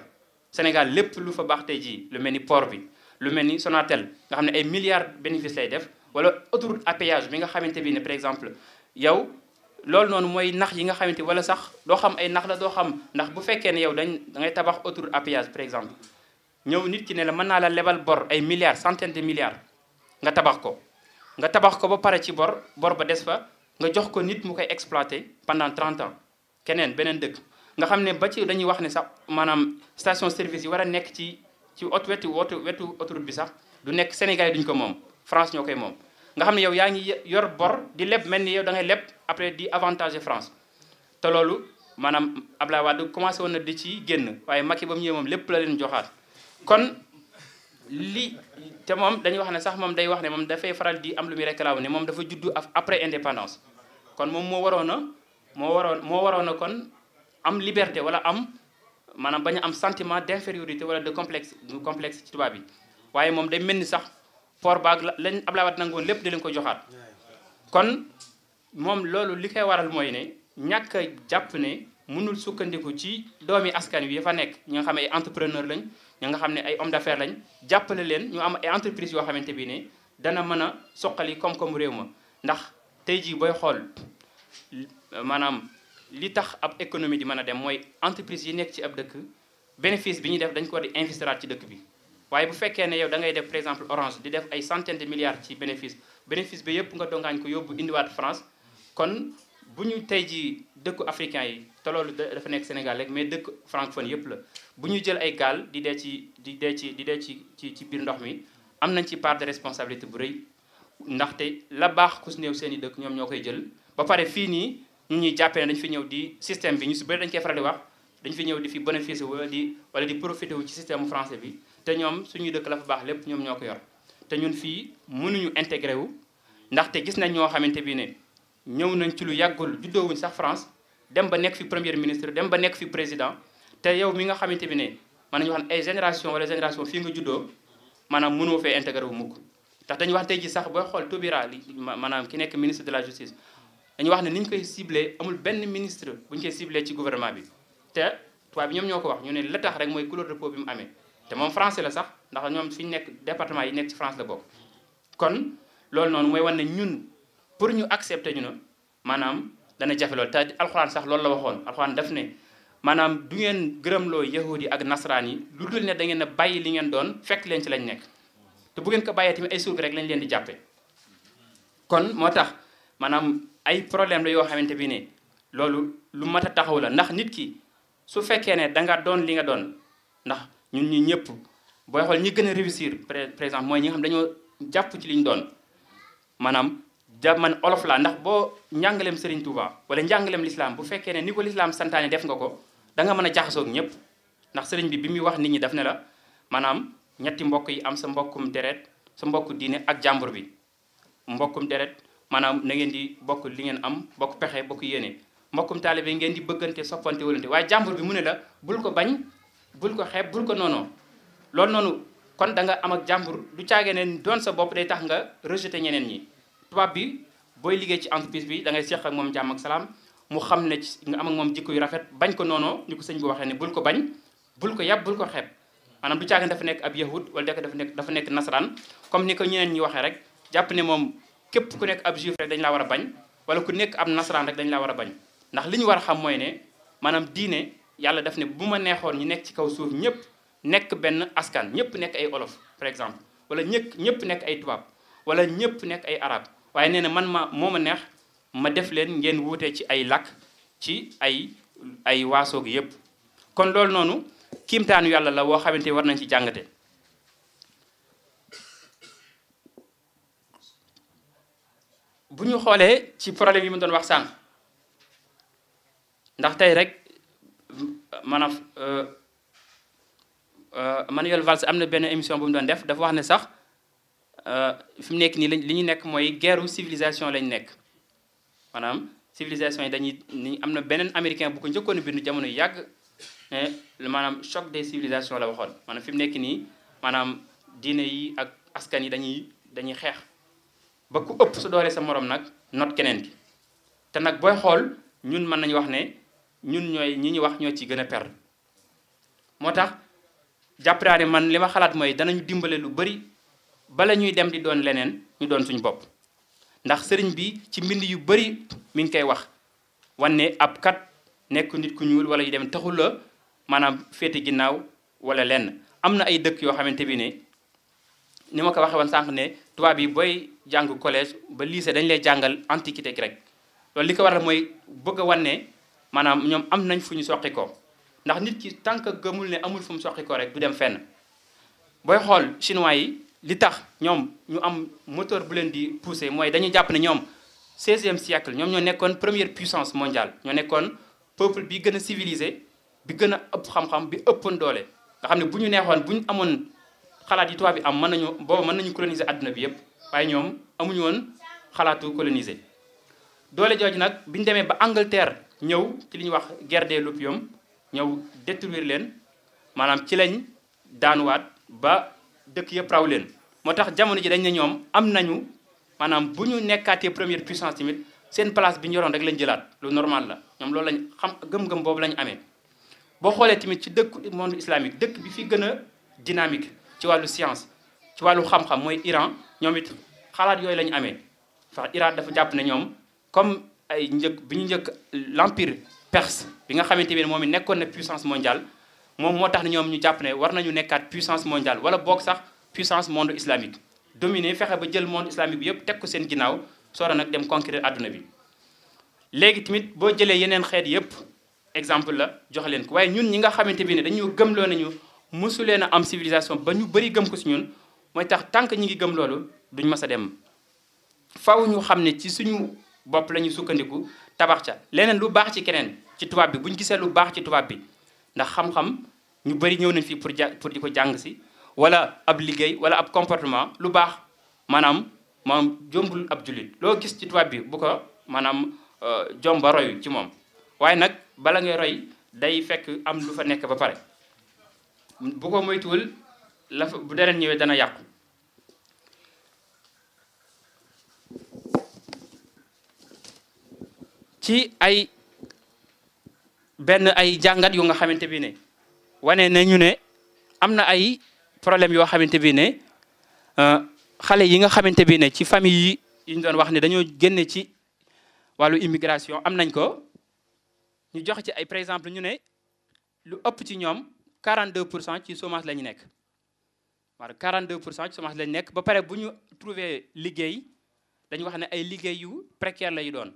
Sénégal lépp lu fa baax tey jii lu mel ni port bi lu mel ni Sonatel nga xam ne ay milliards bénéfice def wala autoroute à bi nga xamante bi ne par exemple yow loolu noonu mooy nax yi nga xamante wala sax doo xam ay nax la doo xam ndax bu fekkee ne yow dañ da tabax autoroute à par exemple ñëw nit ki ne la mën naa la lebal bor ay milliards centaine de milliards nga tabax ko nga tabax ko ba pare ci bor bor ba des fa nga jox ko nit mu koy exploité pendant keneen beneen dëkk nga xam ne ba ci dañuy wax ne sax maanaam station service yi war a nekk ci ci ot wetu wetu autoroute bi sax du nekk Sénégal yi duñ ko moom France ñoo koy moom nga xam ne yow yaa ngi yor bor di leb mel ni yow da ngay leb après di avantage France te loolu maanaam Abdoulaye Wade commencé woon na di ci génn waaye Macky ba mu ñëwee moom lépp la leen joxaat kon li te moom dañuy wax ne sax moom day wax ne moom dafay faral di am lu muy réclame ne moom dafa juddu après indépendance kon moom moo waroon a moo waroon moo kon am liberté wala am maanaam bañ a am sentiment d'infériorité wala de complexe du complexe ci tubaab yi waaye moom day mel ni sax for baag lañ Abdoulaye Wade nangoon lépp da leen ko joxaat kon moom loolu li koy waral mooy ne ñàkk jàpp ne mënul sukkandiku ci doomi askan wi fa nekk ñi nga xam ne ay entrepreneur lañ ñi nga xam ne ay homme d'affaires lañ jàppale leen ñu am ay yoo xamante bi ne dana mën a soqali koom-koomu réew ma ndax tey jii booy xool li tax ab économie di mën a dem mooy entreprise yi nekk ci ab dëkk bénéfice bi ñuy def dañ ko di investiraat ci dëkk bi waaye bu fekkee ne yow da ngay def par exemple orange di def ay centaine de milliards ci bénéfice bénéfice bi yëpp nga dongaañ ko yóbbu indiwaat France kon bu ñu tey jii dëkku africain yi te loolu dafa nekk Sénégal rek mais dëkk francophone yëpp la bu ñu jël ay gaal di dee ci di dee ci di dee ci ci ci biir ndox mi am nañ ci part de responsabilité bu rëy ndaxte la baax ku si seen i dëkk ñoom ñoo koy jël ñu ñuy jàppee nañ dañu fi ñëw di système bi ñu si bëri dañu koy faral di wax dañu fi ñëw di fi bénéficier wala di wala wu ci système français bi te ñoom suñuy dëkk la fa baax lépp ñoom ñoo ko yor te ñun fii mënuñu intégré wu ndaxte gis nañ ñoo xamante bi ne ñëw nañ ci lu yàggul juddoowuñ sax France dem ba nekk fi premier ministre dem ba nekk fi président te yow mi nga xamante bi ne mën nañu wax ay génération wala génération fii nga juddoo maanaam mënoo fee intégré wu mukk ndax dañu wax tey ji sax booy la justice dañu wax ne ni ñu koy ciblé amul benn ministre bu ñu koy ciblé ci gouvernement bi te tubaab bi ñoom ñoo ko wax ñu ne la tax rek mooy couleur de peau bi mu amee te moom français la sax ndax ñoom fi ñu nekk département yi nekk ci France la bokk. kon loolu noonu mooy wan ne ñun pour ñu accepter ñu ne maanaam dana jafe lool te alxuraan sax loolu la waxoon alxuraan daf ne maanaam du ngeen gërëm gërëmloo yahud yi ak nasaraan yi lu dul ne da ngeen a bàyyi li ngeen doon fekk leen ci lañ nekk te bu ngeen ko bàyyee tamit ay suuf rek lañ leen di jàppee ay problème la yoo xamante bi ne loolu lu mat a taxaw la ndax nit ki su fekkee ne da nga doon li nga doon ndax ñun ñi ñëpp booy xool ñi gën a réussir par exemple mooy ñi nga xam dañoo jàpp ci li ñu doon maanaam ja man olof laa ndax boo njàngaleem Serigne Touba wala njàngaleem lislaam bu fekkee ne ni ko lislaam santaane def nga ko danga nga mën a jaxasoog ñëpp ndax sëriñ bi bi muy wax nit ñi daf ne la maanaam ñetti mbokk yi am sa mbokkum deret sa mbokku diine ak jàmbur bi mbokkum deret maanaam na ngeen di bokk li ngeen am bokk pexe bokk yéene mbokkum taalibe ngeen di bëggante soppante wëlante waaye jàmbur bi mu ne la bul ko bañ bul ko xeeb bul loolu noonu kon da nga am ak jàmbur du caage ne doon sa bopp day tax nga rejeté ñeneen ñi tubaab bi booy liggéey ci entreprise bi da ngay seq ak moom jàmm salaam mu xam ne nga am moom jikko yu rafet bañ ko noonoo ni sëñ bi waxee ne bul ko bañ bul ko yàpp bul ko xeeb maanaam du caage ne dafa nekk ab yahud wala dafa nekk dafa nekk nasaraan comme ni ko ñeneen ñi waxee rek jàpp ne moom képp ku nekk ab juif rek dañ laa war a bañ wala ku nekk ab nasaraan rek dañ laa war a bañ ndax li ñu war a xam mooy ne maanaam diine yàlla def ne bu ma neexoon ñu nekk ci kaw suuf ñëpp nekk benn askan ñëpp nekk ay olof par exemple wala ñëpp ñëpp nekk ay tubaab wala ñëpp nekk ay arab waaye nee na man ma moo ma neex ma def leen ngeen wuutee ci ay làkk ci ay ay waasoo gi yëpp kon loolu noonu kiimtaanu yàlla la woo xamante war nañ ci jàngate bu ñu xoolee ci problème yi mu doon wax sànq ndax tey rek maanaam euh, euh, Manuel Valls am na benn émission bu mu doon def dafa wax ne sax euh, fi mu nekk nii li ñu nekk mooy guerru civilisation lañ nekk maanaam civilisation yi dañuy ni am na beneen américain bu ko njëkkoon bind jamono yu yàgg maanaam choc des civilisations la waxoon maanaam fi mu nekk nii maanaam diine yi ak askan yi dañuy dañuy xeex ba ku ëpp su sa moroom nag not keneen gi te nag booy xool ñun mën nañu wax ne ñun ñooy ñi ñuy wax ñoo ci gën a perdre moo tax jàpp man li ma xalaat mooy danañu dimbale lu bari bala ñuy dem di doon leneen ñu doon suñu bopp ndax sëriñ bi ci mbind yu bari mi ngi koy wax wanne ab kat nekk nit ku ñuul wala yu dem taxul la maanaam féete ginnaaw wala lenn am na ay dëkk yoo xamante bi ne ni ma koy waxee woon sànq ne tubaab yi booy jàng collège ba lycée dañu lay jàngal antiquité grecque loolu li ko waral mooy bëgg a wan ne maanaam ñoom am nañ fu ñu soqi ndax nit ki tant que gëmul ne amul fu mu soqi rek du dem fenn booy xool chinois yi li tax ñoom ñu am moteur bu leen di pousser mooy dañuy jàpp ne ñoom 16e ñoom ñoo nekkoon première puissance mondiale ñoo nekkoon peuple bi gën a civilisé bi gën a ëpp xam-xam bi ëppoon doole nga xam ne bu ñu neexoon xalaat yi tubaab bi am mën nañu booba mën nañu coloniser àdduna bi yëpp waaye ñoom amuñu woon xalaatu coloniser. doole jooju nag bi ñu demee ba Angleterre ñëw ci li ñuy wax guerre de l'opium ñëw détruire leen maanaam ci lañ daanuwaat ba dëkk yëpp raw leen. moo tax jamono ji dañ ne ñoom am nañu maanaam bu ñu nekkaatee première puissance tamit seen place bi ñu yoroon rek lañ jëlaat lu normal la ñoom loolu lañ xam gëm-gëm boobu lañu amee. boo xoolee tamit ci dëkk monde islamique dëkk bi fi gën a ci wàllu science ci wàllu xam-xam mooy Iran ñoom it xalaat yooyu la ñu amee fax Iran dafa jàpp ne ñoom comme ay njëkk bi ñu njëkk l'empire perse bi nga xamante ne moom i nekkoon na puissance mondiale moom moo tax ne ñoom ñu jàpp ne war nañu nekkaat puissance mondiale wala boog sax puissance monde islamique dominer fexe ba jël monde islamique bi yëpp teg ko seen ginnaaw soora nag dem conquérir adduna bi léegi tamit boo jëlee yeneen xeet yëpp exemple la jox leen ko waaye ñun ñi nga xamante bi ne dañu gëmloo nañu mosuleen a am civilisation ba ñu bëri gëm ko si ñun mooy tax tant que ñi ngi gëm loolu duñ mës a dem faw ñu xam ne ci suñu bopp lañuy sukkandiku tabax ca leneen lu baax ci keneen ci tubaab bi buñ gisee lu baax ci tubaab bi ndax xam-xam ñu bëri ñëw nañ fii pour ja pour di ko jàng si wala ab liggéey wala ab comportement lu baax maanaam moom jombul ab jullit loo gis ci tubaab bi bu ko maanaam euh, jomba royu ci moom waaye nag bala ngay roy day fekk am lu fa nekk ba pare bu ko moytuwul la bu deret ñëwee dana yàqu ci ay benn ay jàngat yu nga xamante bi ne wane nañu ne am na ay problème yoo xamante bi ne euh, xale yi nga xamante bi ne ci famille yi ñu doon wax ne dañoo génne ci wàllu immigration am nañ ko ñu jox ci ay par exemple ñu ne lu ëpp ci ñoom 42 pour cent ci chômage la ñu nekk maanaam 42 pour cent ci chômage la nekk ba pare bu ñu trouver liggéey dañu wax ne ay liggéey yu précaire lay doon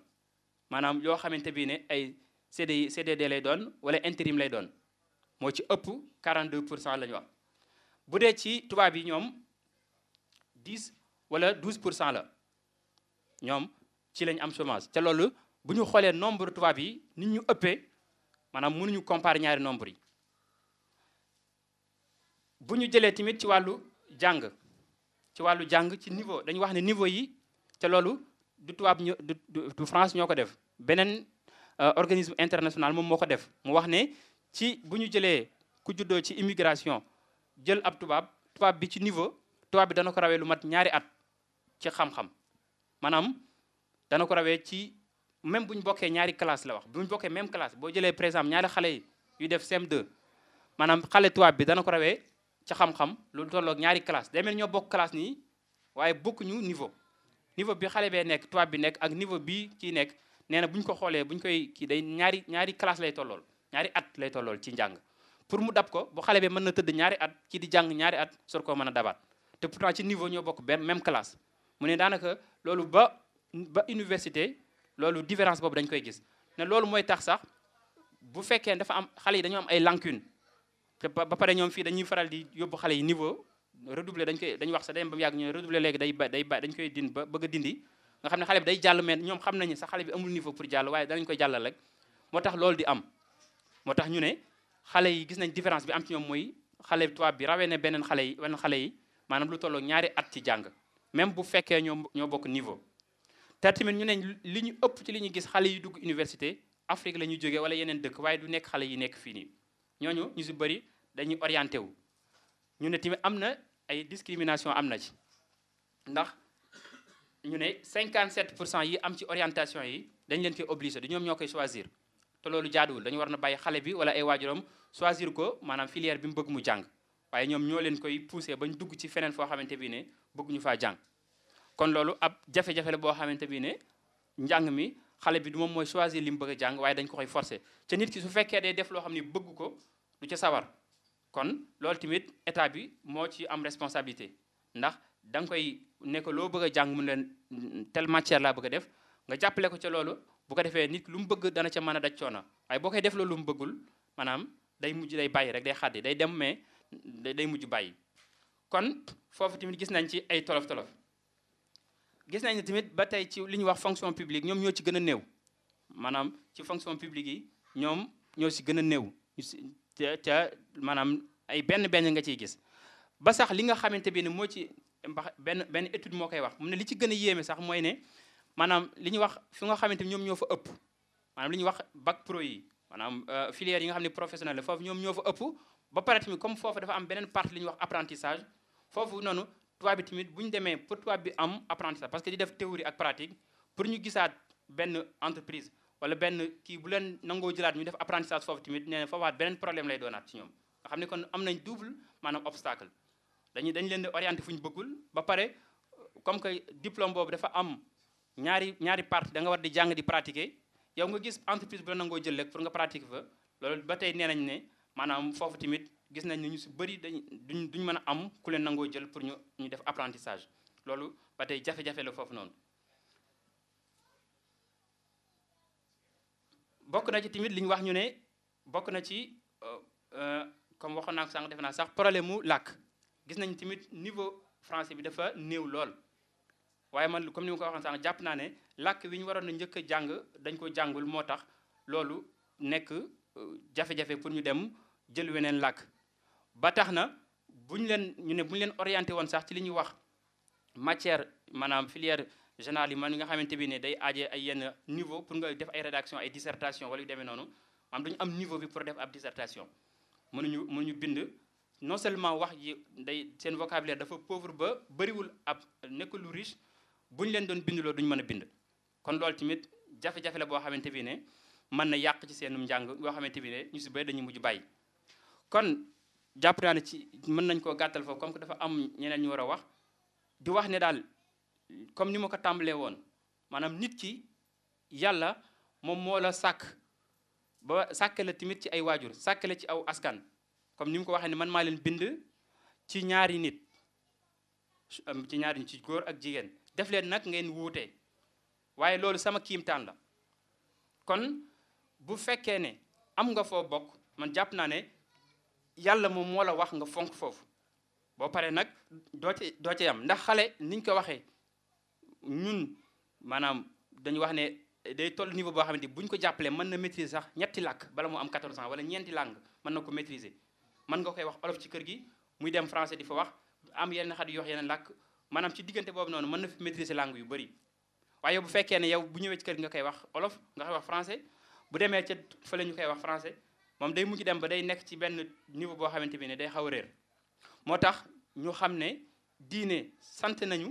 maanaam yoo xamante bi ne ay CD CDD lay doon wala intérim lay doon moo ci ëpp 42 pour cent la ñu wax bu dee ci tubaab yi ñoom 10 wala 12 pour cent la ñoom ci lañ am chômage te loolu bu ñu xoolee nombre tubaab yi nit ñu ëppee maanaam mënuñu comparer ñaari nombre yi bu ñu jëlee tamit ci wàllu jàng ci wàllu jàng ci niveau dañu wax ne niveau yi te loolu du tubaab ñu du France ñoo ko def beneen euh, organisme international moom moo ko def mu wax ne ci bu ñu jëlee ku juddoo ci immigration jël ab tubaab tubaab bi ci niveau tubaab bi dana ko rawee lu mat ñaari at ci xam-xam maanaam dana ko rawee ci même bu ñu bokkee ñaari classe la wax bu ñu bokkee même classe boo jëlee par exemple ñaari xale yi yu def CM2 maanaam xale tubaab bi dana ko rawee ci xam-xam loolu tollook ñaari classe day mel ñoo bokk classe nii waaye bokkuñu niveau niveau bi xale bee nekk tubaab bi nekk ak niveau bi kii nekk nee na bu ñu ko xoolee bu ñu koy kii day ñaari ñaari classe lay tollool ñaari at lay tollool ci njàng pour mu dab ko bu xale bee mën na tëdd ñaari at kii di jàng ñaari at sor koo mën a dabaat te pourtant ci niveau ñoo bokk benn même classe mu ne daanaka loolu ba ba université loolu différence boobu dañ koy gis ne loolu mooy tax sax bu fekkee dafa am xale yi dañoo am ay lacune te ba pare ñoom fii dañuy faral di yóbbu xale yi niveau redoubler dañ koy dañuy wax sa dem ba mu yàgg ñu redoubler léegi day ba day ba dañ koy din ba bëgg a dindi nga xam ne xale bi day jàll mais ñoom xam nañu sax xale bi amul niveau pour jàll waaye danañ koy jàllal rek moo tax loolu di am moo tax ñu ne xale yi gis nañ différence bi am ci ñoom mooy xale tubaab bi rawee ne beneen xale yi beneen xale yi maanaam lu tolloo ñaari at ci jàng même bu fekkee ñoo ñoo bokk niveau te tamit ñu ne li ñu ëpp ci li ñu gis xale yi dugg université Afrique la ñuy jógee wala yeneen dëkk waaye du nekk xale yi nekk fii nii ñooñu ñu si bëri dañuy orienté wu ñu ne tamit am na ay discrimination am na ci ndax ñu ne 57 pour cent yi am ci orientation yi dañ leen koy obligé du ñoom ñoo koy choisir te loolu jaaduwul dañu war na bàyyi xale bi wala ay waajuram choisir ko maanaam filière bi mu bëgg mu jàng waaye ñoom ñoo leen koy poussé bañ dugg ci feneen foo xamante bi ne bëgg ñu faa jàng kon loolu ab jafe-jafe la boo xamante bi ne njàng mi xale bi du moom mooy choisir li mu bëgg a jàng waaye dañ ko koy forcer ca nit ki su fekkee day def loo xam ne bëgg ko du ca sawar kon loolu tamit état bi moo ci am responsabilité ndax danga koy ne loo bëgg a jàng mu leen telle matière laa bëgg a def nga jàppale ko ca loolu bu ko defee nit lu mu bëgg dana ca mën a daj coono waaye boo koy def loolu lu mu bëggul maanaam day mujj day bàyyi rek day xaddi day dem mais day mujj bàyyi kon foofu tamit gis nañ ci ay tolof gis nañ ne tamit ba tey ci li ñuy wax fonction publique ñoom ñoo ci gën a néew maanaam ci fonction publique yi ñoom ñoo ci gën a néew ca maanaam ay benn benn nga ciy gis ba sax li nga xamante bi ne moo ci mbax benn benn étude moo koy wax mu ne li ci gën a yéeme sax mooy ne maanaam li ñuy wax fi nga xamante ñoom ñoo fa ëpp maanaam li ñuy wax bac pro yi maanaam euh, filière yi nga xam ne professionnel la foofu ñoom ñoo fa ëpp ba pare tamit comme foofu dafa am beneen partie li ñuy wax apprentissage foofu noonu tubaab bi bu ñu demee pour tubaab bi am apprentissage parce que di def théorie ak pratique pour ñu gisaat benn entreprise wala benn kii bu leen nangoo jëlaat ñu def apprentissage foofu tamit nee na foofaat beneen problème lay doonaat ci ñoom nga xam ne kon am nañ double maanaam obstacle dañu dañ leen di orienté fu ñu bëggul ba pare comme que diplôme boobu dafa am ñaari ñaari partie da nga war di jàng di pratiquer yow nga gis entreprise bu la nangoo jël rek pour nga pratique fa loolu ba tey nee nañ ne maanaam foofu tamit gis nañ ne ñu si bëri dañ duñ duñ mën a am ku leen nangoo jël pour ñu ñu def apprentissage loolu ba tey jafe la foofu noonu. bokk na ci tamit li wax ñu ne bokk na ci euh, euh, comme waxoon naa sànq defe naa sax problème mu làkk gis nañ tamit niveau francais bi dafa néew lool. waaye man comme ni ma ko waxoon sànq jàpp naa ne làkk wi ñu waroon na njëkk a jàng dañ ko jàngul moo tax loolu nekk euh, jafe-jafe pour ñu dem jël weneen làkk. ba tax na bu ñu leen ñu ne bu ñu leen orienté woon sax ci li ñuy wax matière maanaam filière générale yi man nga xamante bi ne day aaje ay yenn niveau pour nga def ay rédaction ay dissertation wala demee noonu maanaam dañu am niveau bi pour def ab dissertation mënuñu mënuñu bind non seulement wax ji day seen vocabulaire dafa pauvre ba bëriwul ab nekk lu leen doon bindloo duñu mën a bind kon loolu tamit jafe boo xamante bi ne mën na yàq ci seenum njàng yoo xamante bi ne ñu si bëri dañuy mujj bàyyi kon jàpp naa ne ci mën nañ koo gàttal foofu kom que dafa am ñeneen ñu war a wax di wax ne daal comme ni ma ko tàmbalee woon maanaam nit ki yàlla moom moola la sàkk ba sàkk la ci ay waajur sàkk la ci aw askan comme ni mu ko waxee ne man maa leen bind ci ñaari nit ci ñaari nit ci góor ak jigéen def leen nag ngeen wuute waaye loolu sama kiimtaan la kon bu fekkee ne am nga foo bokk man jàpp naa ne yàlla moom moo la wax nga fonk foofu boo paree nag doo ci doo ci am ndax xale niñ koy waxee ñun maanaam dañu wax ne day toll niveau boo xamante bu ñu ko jàppalee mën na maîtriser sax ñetti làkk bala moo am 14 ans wala ñeenti langue mën na ko maîtriser mën nga koy wax olof ci kër gi muy dem français di fa wax am yeneen xat yu wax yeneen làkk maanaam ci diggante boobu noonu mën na fi maîtriser langue yu bari waaye bu fekkee ne yow bu ñëwee ci kër gi nga koy wax olof nga koy wax français bu demee ca fële ñu koy wax français moom day mujj dem ba day nekk ci benn niveau boo xamante bi ne day xaw a réer moo tax ñu xam ne diine sant nañu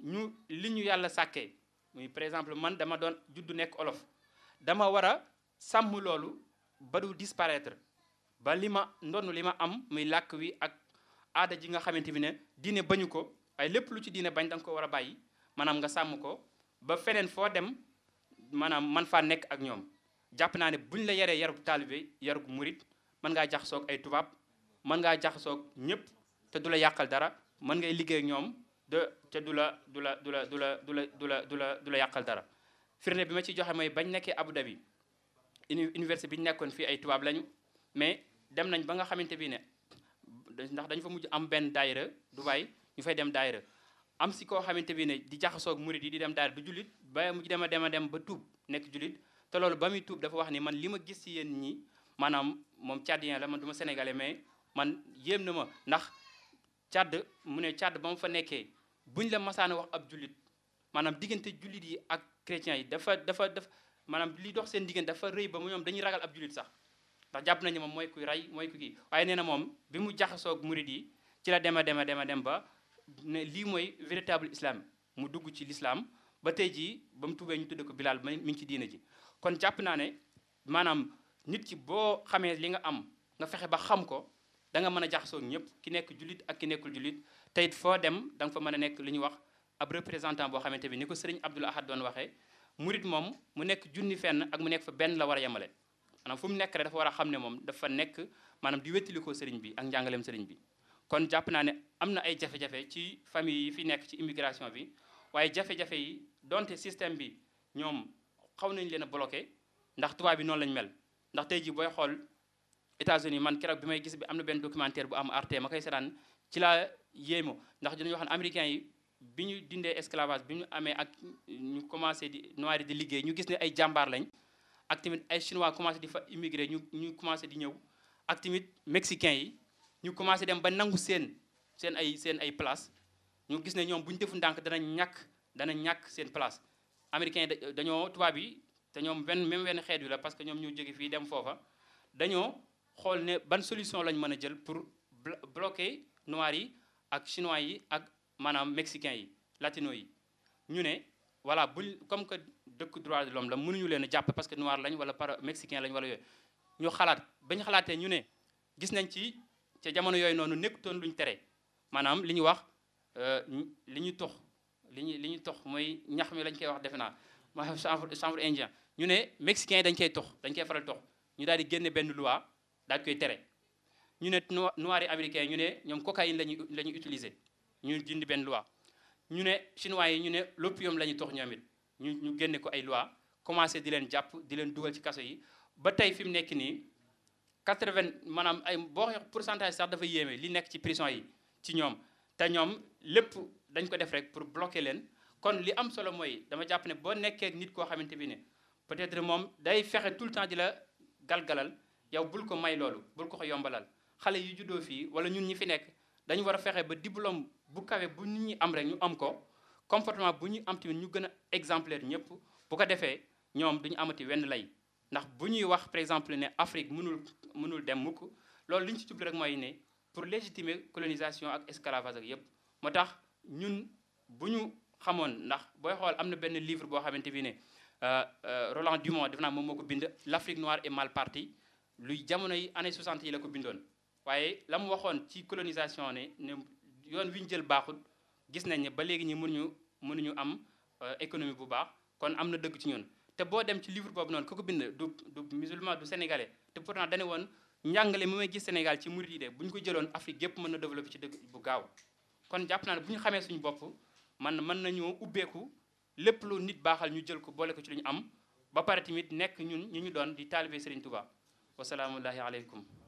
ñu li ñu yàlla sàkkee muy par exemple man dama doon juddu nekk olof dama war a sàmm loolu ba du disparaître ba li ma ndonn li ma am muy làkk wi ak aada ji nga xamante bi ne diine bañu ko waaye lépp lu ci diine bañ da nga ko war a bàyyi maanaam nga sàmm ko ba feneen foo dem maanaam man faa nekk ak ñoom jàpp naa ne buñ la yaree yarub taalibe yarub murit mën ngaa jaxasoog ay tubaab mën ngaa jaxasoog ñëpp te du la yàqal dara mën ngay liggéey ñoom de te du la du la du la du la du la du la du la du la yàqal dara firnde bi ma ci joxe mooy bañ nekkee Abu Dhabi université bi ñu nekkoon fii ay tubaab lañu mais dem nañ ba nga xamante bi ne ndax dañ fa mujj am benn daayira Dubaay ñu fay dem daayira am si koo xamante bi ne di jaxasoog murit yi di dem daayira du jullit ba mujj dema dema dem ba tuub nekk jullit te loolu ba muy tuub dafa wax ni man li ma gis ci yéen ñi maanaam moom tchadien la man duma ma mais man yéem na ma ndax Tchad mu ne Tchad ba mu fa nekkee buñ la masaana wax ab jullit maanaam diggante jullit yi ak chrétiens yi dafa dafa daf maanaam li dox seen diggante dafa rëy ba mu ñoom dañuy ragal ab jullit sax ndax jàpp nañu moom mooy kuy rey mooy ku kii waaye nee na moom bi mu jaxasoog murid yi ci la dema dema dema dem ba ne lii mooy véritable islam mu dugg ci l'islam ba tey jii ba mu tuubee ñu tudd ko Bilal mi ngi ci diina ji kon jàpp naa ne maanaam nit ci boo xamee li nga am nga fexe ba xam ko da nga mën a jaxasoo ñëpp ki nekk jullit ak ki nekkul jullit te it foo dem da fa mën a nekk lu ñuy wax ab représentant boo xamante bi ni ko sëriñ Abdul Ahad doon waxee murit moom mu nekk junni fenn ak mu nekk fa benn la war a yemale maanaam fu mu nekk rek dafa war a xam ne moom dafa nekk maanaam di wéttalikoo sëriñ bi ak njàngaleem sëriñ bi kon jàpp naa ne am na ay jafe-jafe ci famille yi fi nekk ci immigration bi waaye jafe-jafe yi donte système bi ñoom xaw nañ leen a bloqué ndax tubaab bi noonu lañ mel ndax tey jii booy xool États-Unis man keroog bi may gis bi am na benn documentaire bu am arte ma koy seetaan ci laa yéemo ndax dinañu wax ne américains yi bi ñu dindee esclavage bi ñu amee ak ñu commencé di noir di liggéey ñu gis ne ay jàmbaar lañ ak tamit ay chinois commencé di fa immigré ñu ñu commencé di ñëw ak tamit mexicains yi ñu commencé dem ba nangu seen seen ay seen ay place ñu gis ne ñoom bu ñu ndànk danañ ñàkk dana ñàkk seen place américain dañoo tubaab yi te ñoom benn même wenn xeet wi la parce que ñoom ñoo jógee fii dem foofa dañoo xool ne ban solution lañ mën a jël pour bloquer noirs yi ak chinois yi ak maanaam mexicains yi latino yi ñu ne voilà buñ comme que dëkk droit de l'homme la mënuñu leen a jàpp parce que noir lañ wala par mexicain lañ wala yooyu ñu xalaat bañ xalaatee ñu ne gis nañ ci ca jamono yooyu noonu nekkutoon luñ tere maanaam li ñu wax euh, li ñu tox li ñu li ñu tox mooy ñax mi lañ koy wax defe naa maanaam chanvre chanvre indien ñu ne mexicain yi dañ koy tox dañ koy faral tox ñu daal di génne benn loi daal di koy tere ñu ne noirs yi américain ñu ne ñoom cocaïne lañu la ñuy utiliser ñu jindi benn loi ñu ne chinois yi ñu ne l'opium la ñuy tox ñoomit ñu ñu génne ko ay loi commencé di leen jàpp di leen dugal ci kaso yi ba tey fi mu nekk nii quatre-vingt maanaam ay pour centage sax dafa yéeme li nekk ci prison yi ci ñoom te dañ ko def rek pour bloquer leen kon li am solo mooy dama jàpp ne boo nekkee nit koo xamante bi ne peut-être moom day fexe tout le temps di la galgalal yow bul ko may loolu bul ko ko yombalal xale yu juddoo fii wala ñun ñi fi nekk dañu war a fexe ba diplôme bu kawee bu nit ñi am rek ñu am ko comportement bu ñu am tamit ñu gën a exemplaire ñëpp bu ko defee ñoom duñu amati wenn lay ndax bu ñuy wax par exemple ne Afrique mënul mënul dem mukk loolu luñ ci jublu rek mooy ne pour légitimer colonisation ak esclavage yëpp ñun bu ñu xamoon ndax booy xool am na benn livre boo xamante bi ne euh, euh, Roland Dumont def naa moom moo ko bind l'Afrique noire est mal partie lu jamono yi année 60 yi la ko bindoon waaye la mu waxoon ci colonisation ne ne yoon wi ñu jël baaxul gis nañ ne ba léegi ñi mënuñu ñu am euh, économie bu baax kon am na dëgg ci ñoon te boo dem ci livre boobu noonu ku ko bind du du musulman du sénégalais te pourtant dane woon njàngale mi may gis Sénégal ci murid yi bu ñu ko jëloon Afrique yépp mën na développer ci dëgg bu gaaw kon jàpp naa ne bu ñu xamee suñu bopp man mën nañoo ubbeeku lépp lu nit baaxal ñu jël ko boole ko ci lu ñu am ba pare tamit nekk ñun ñu ñu doon di taalibe Serigne tubaa wasalaamullahi aleykum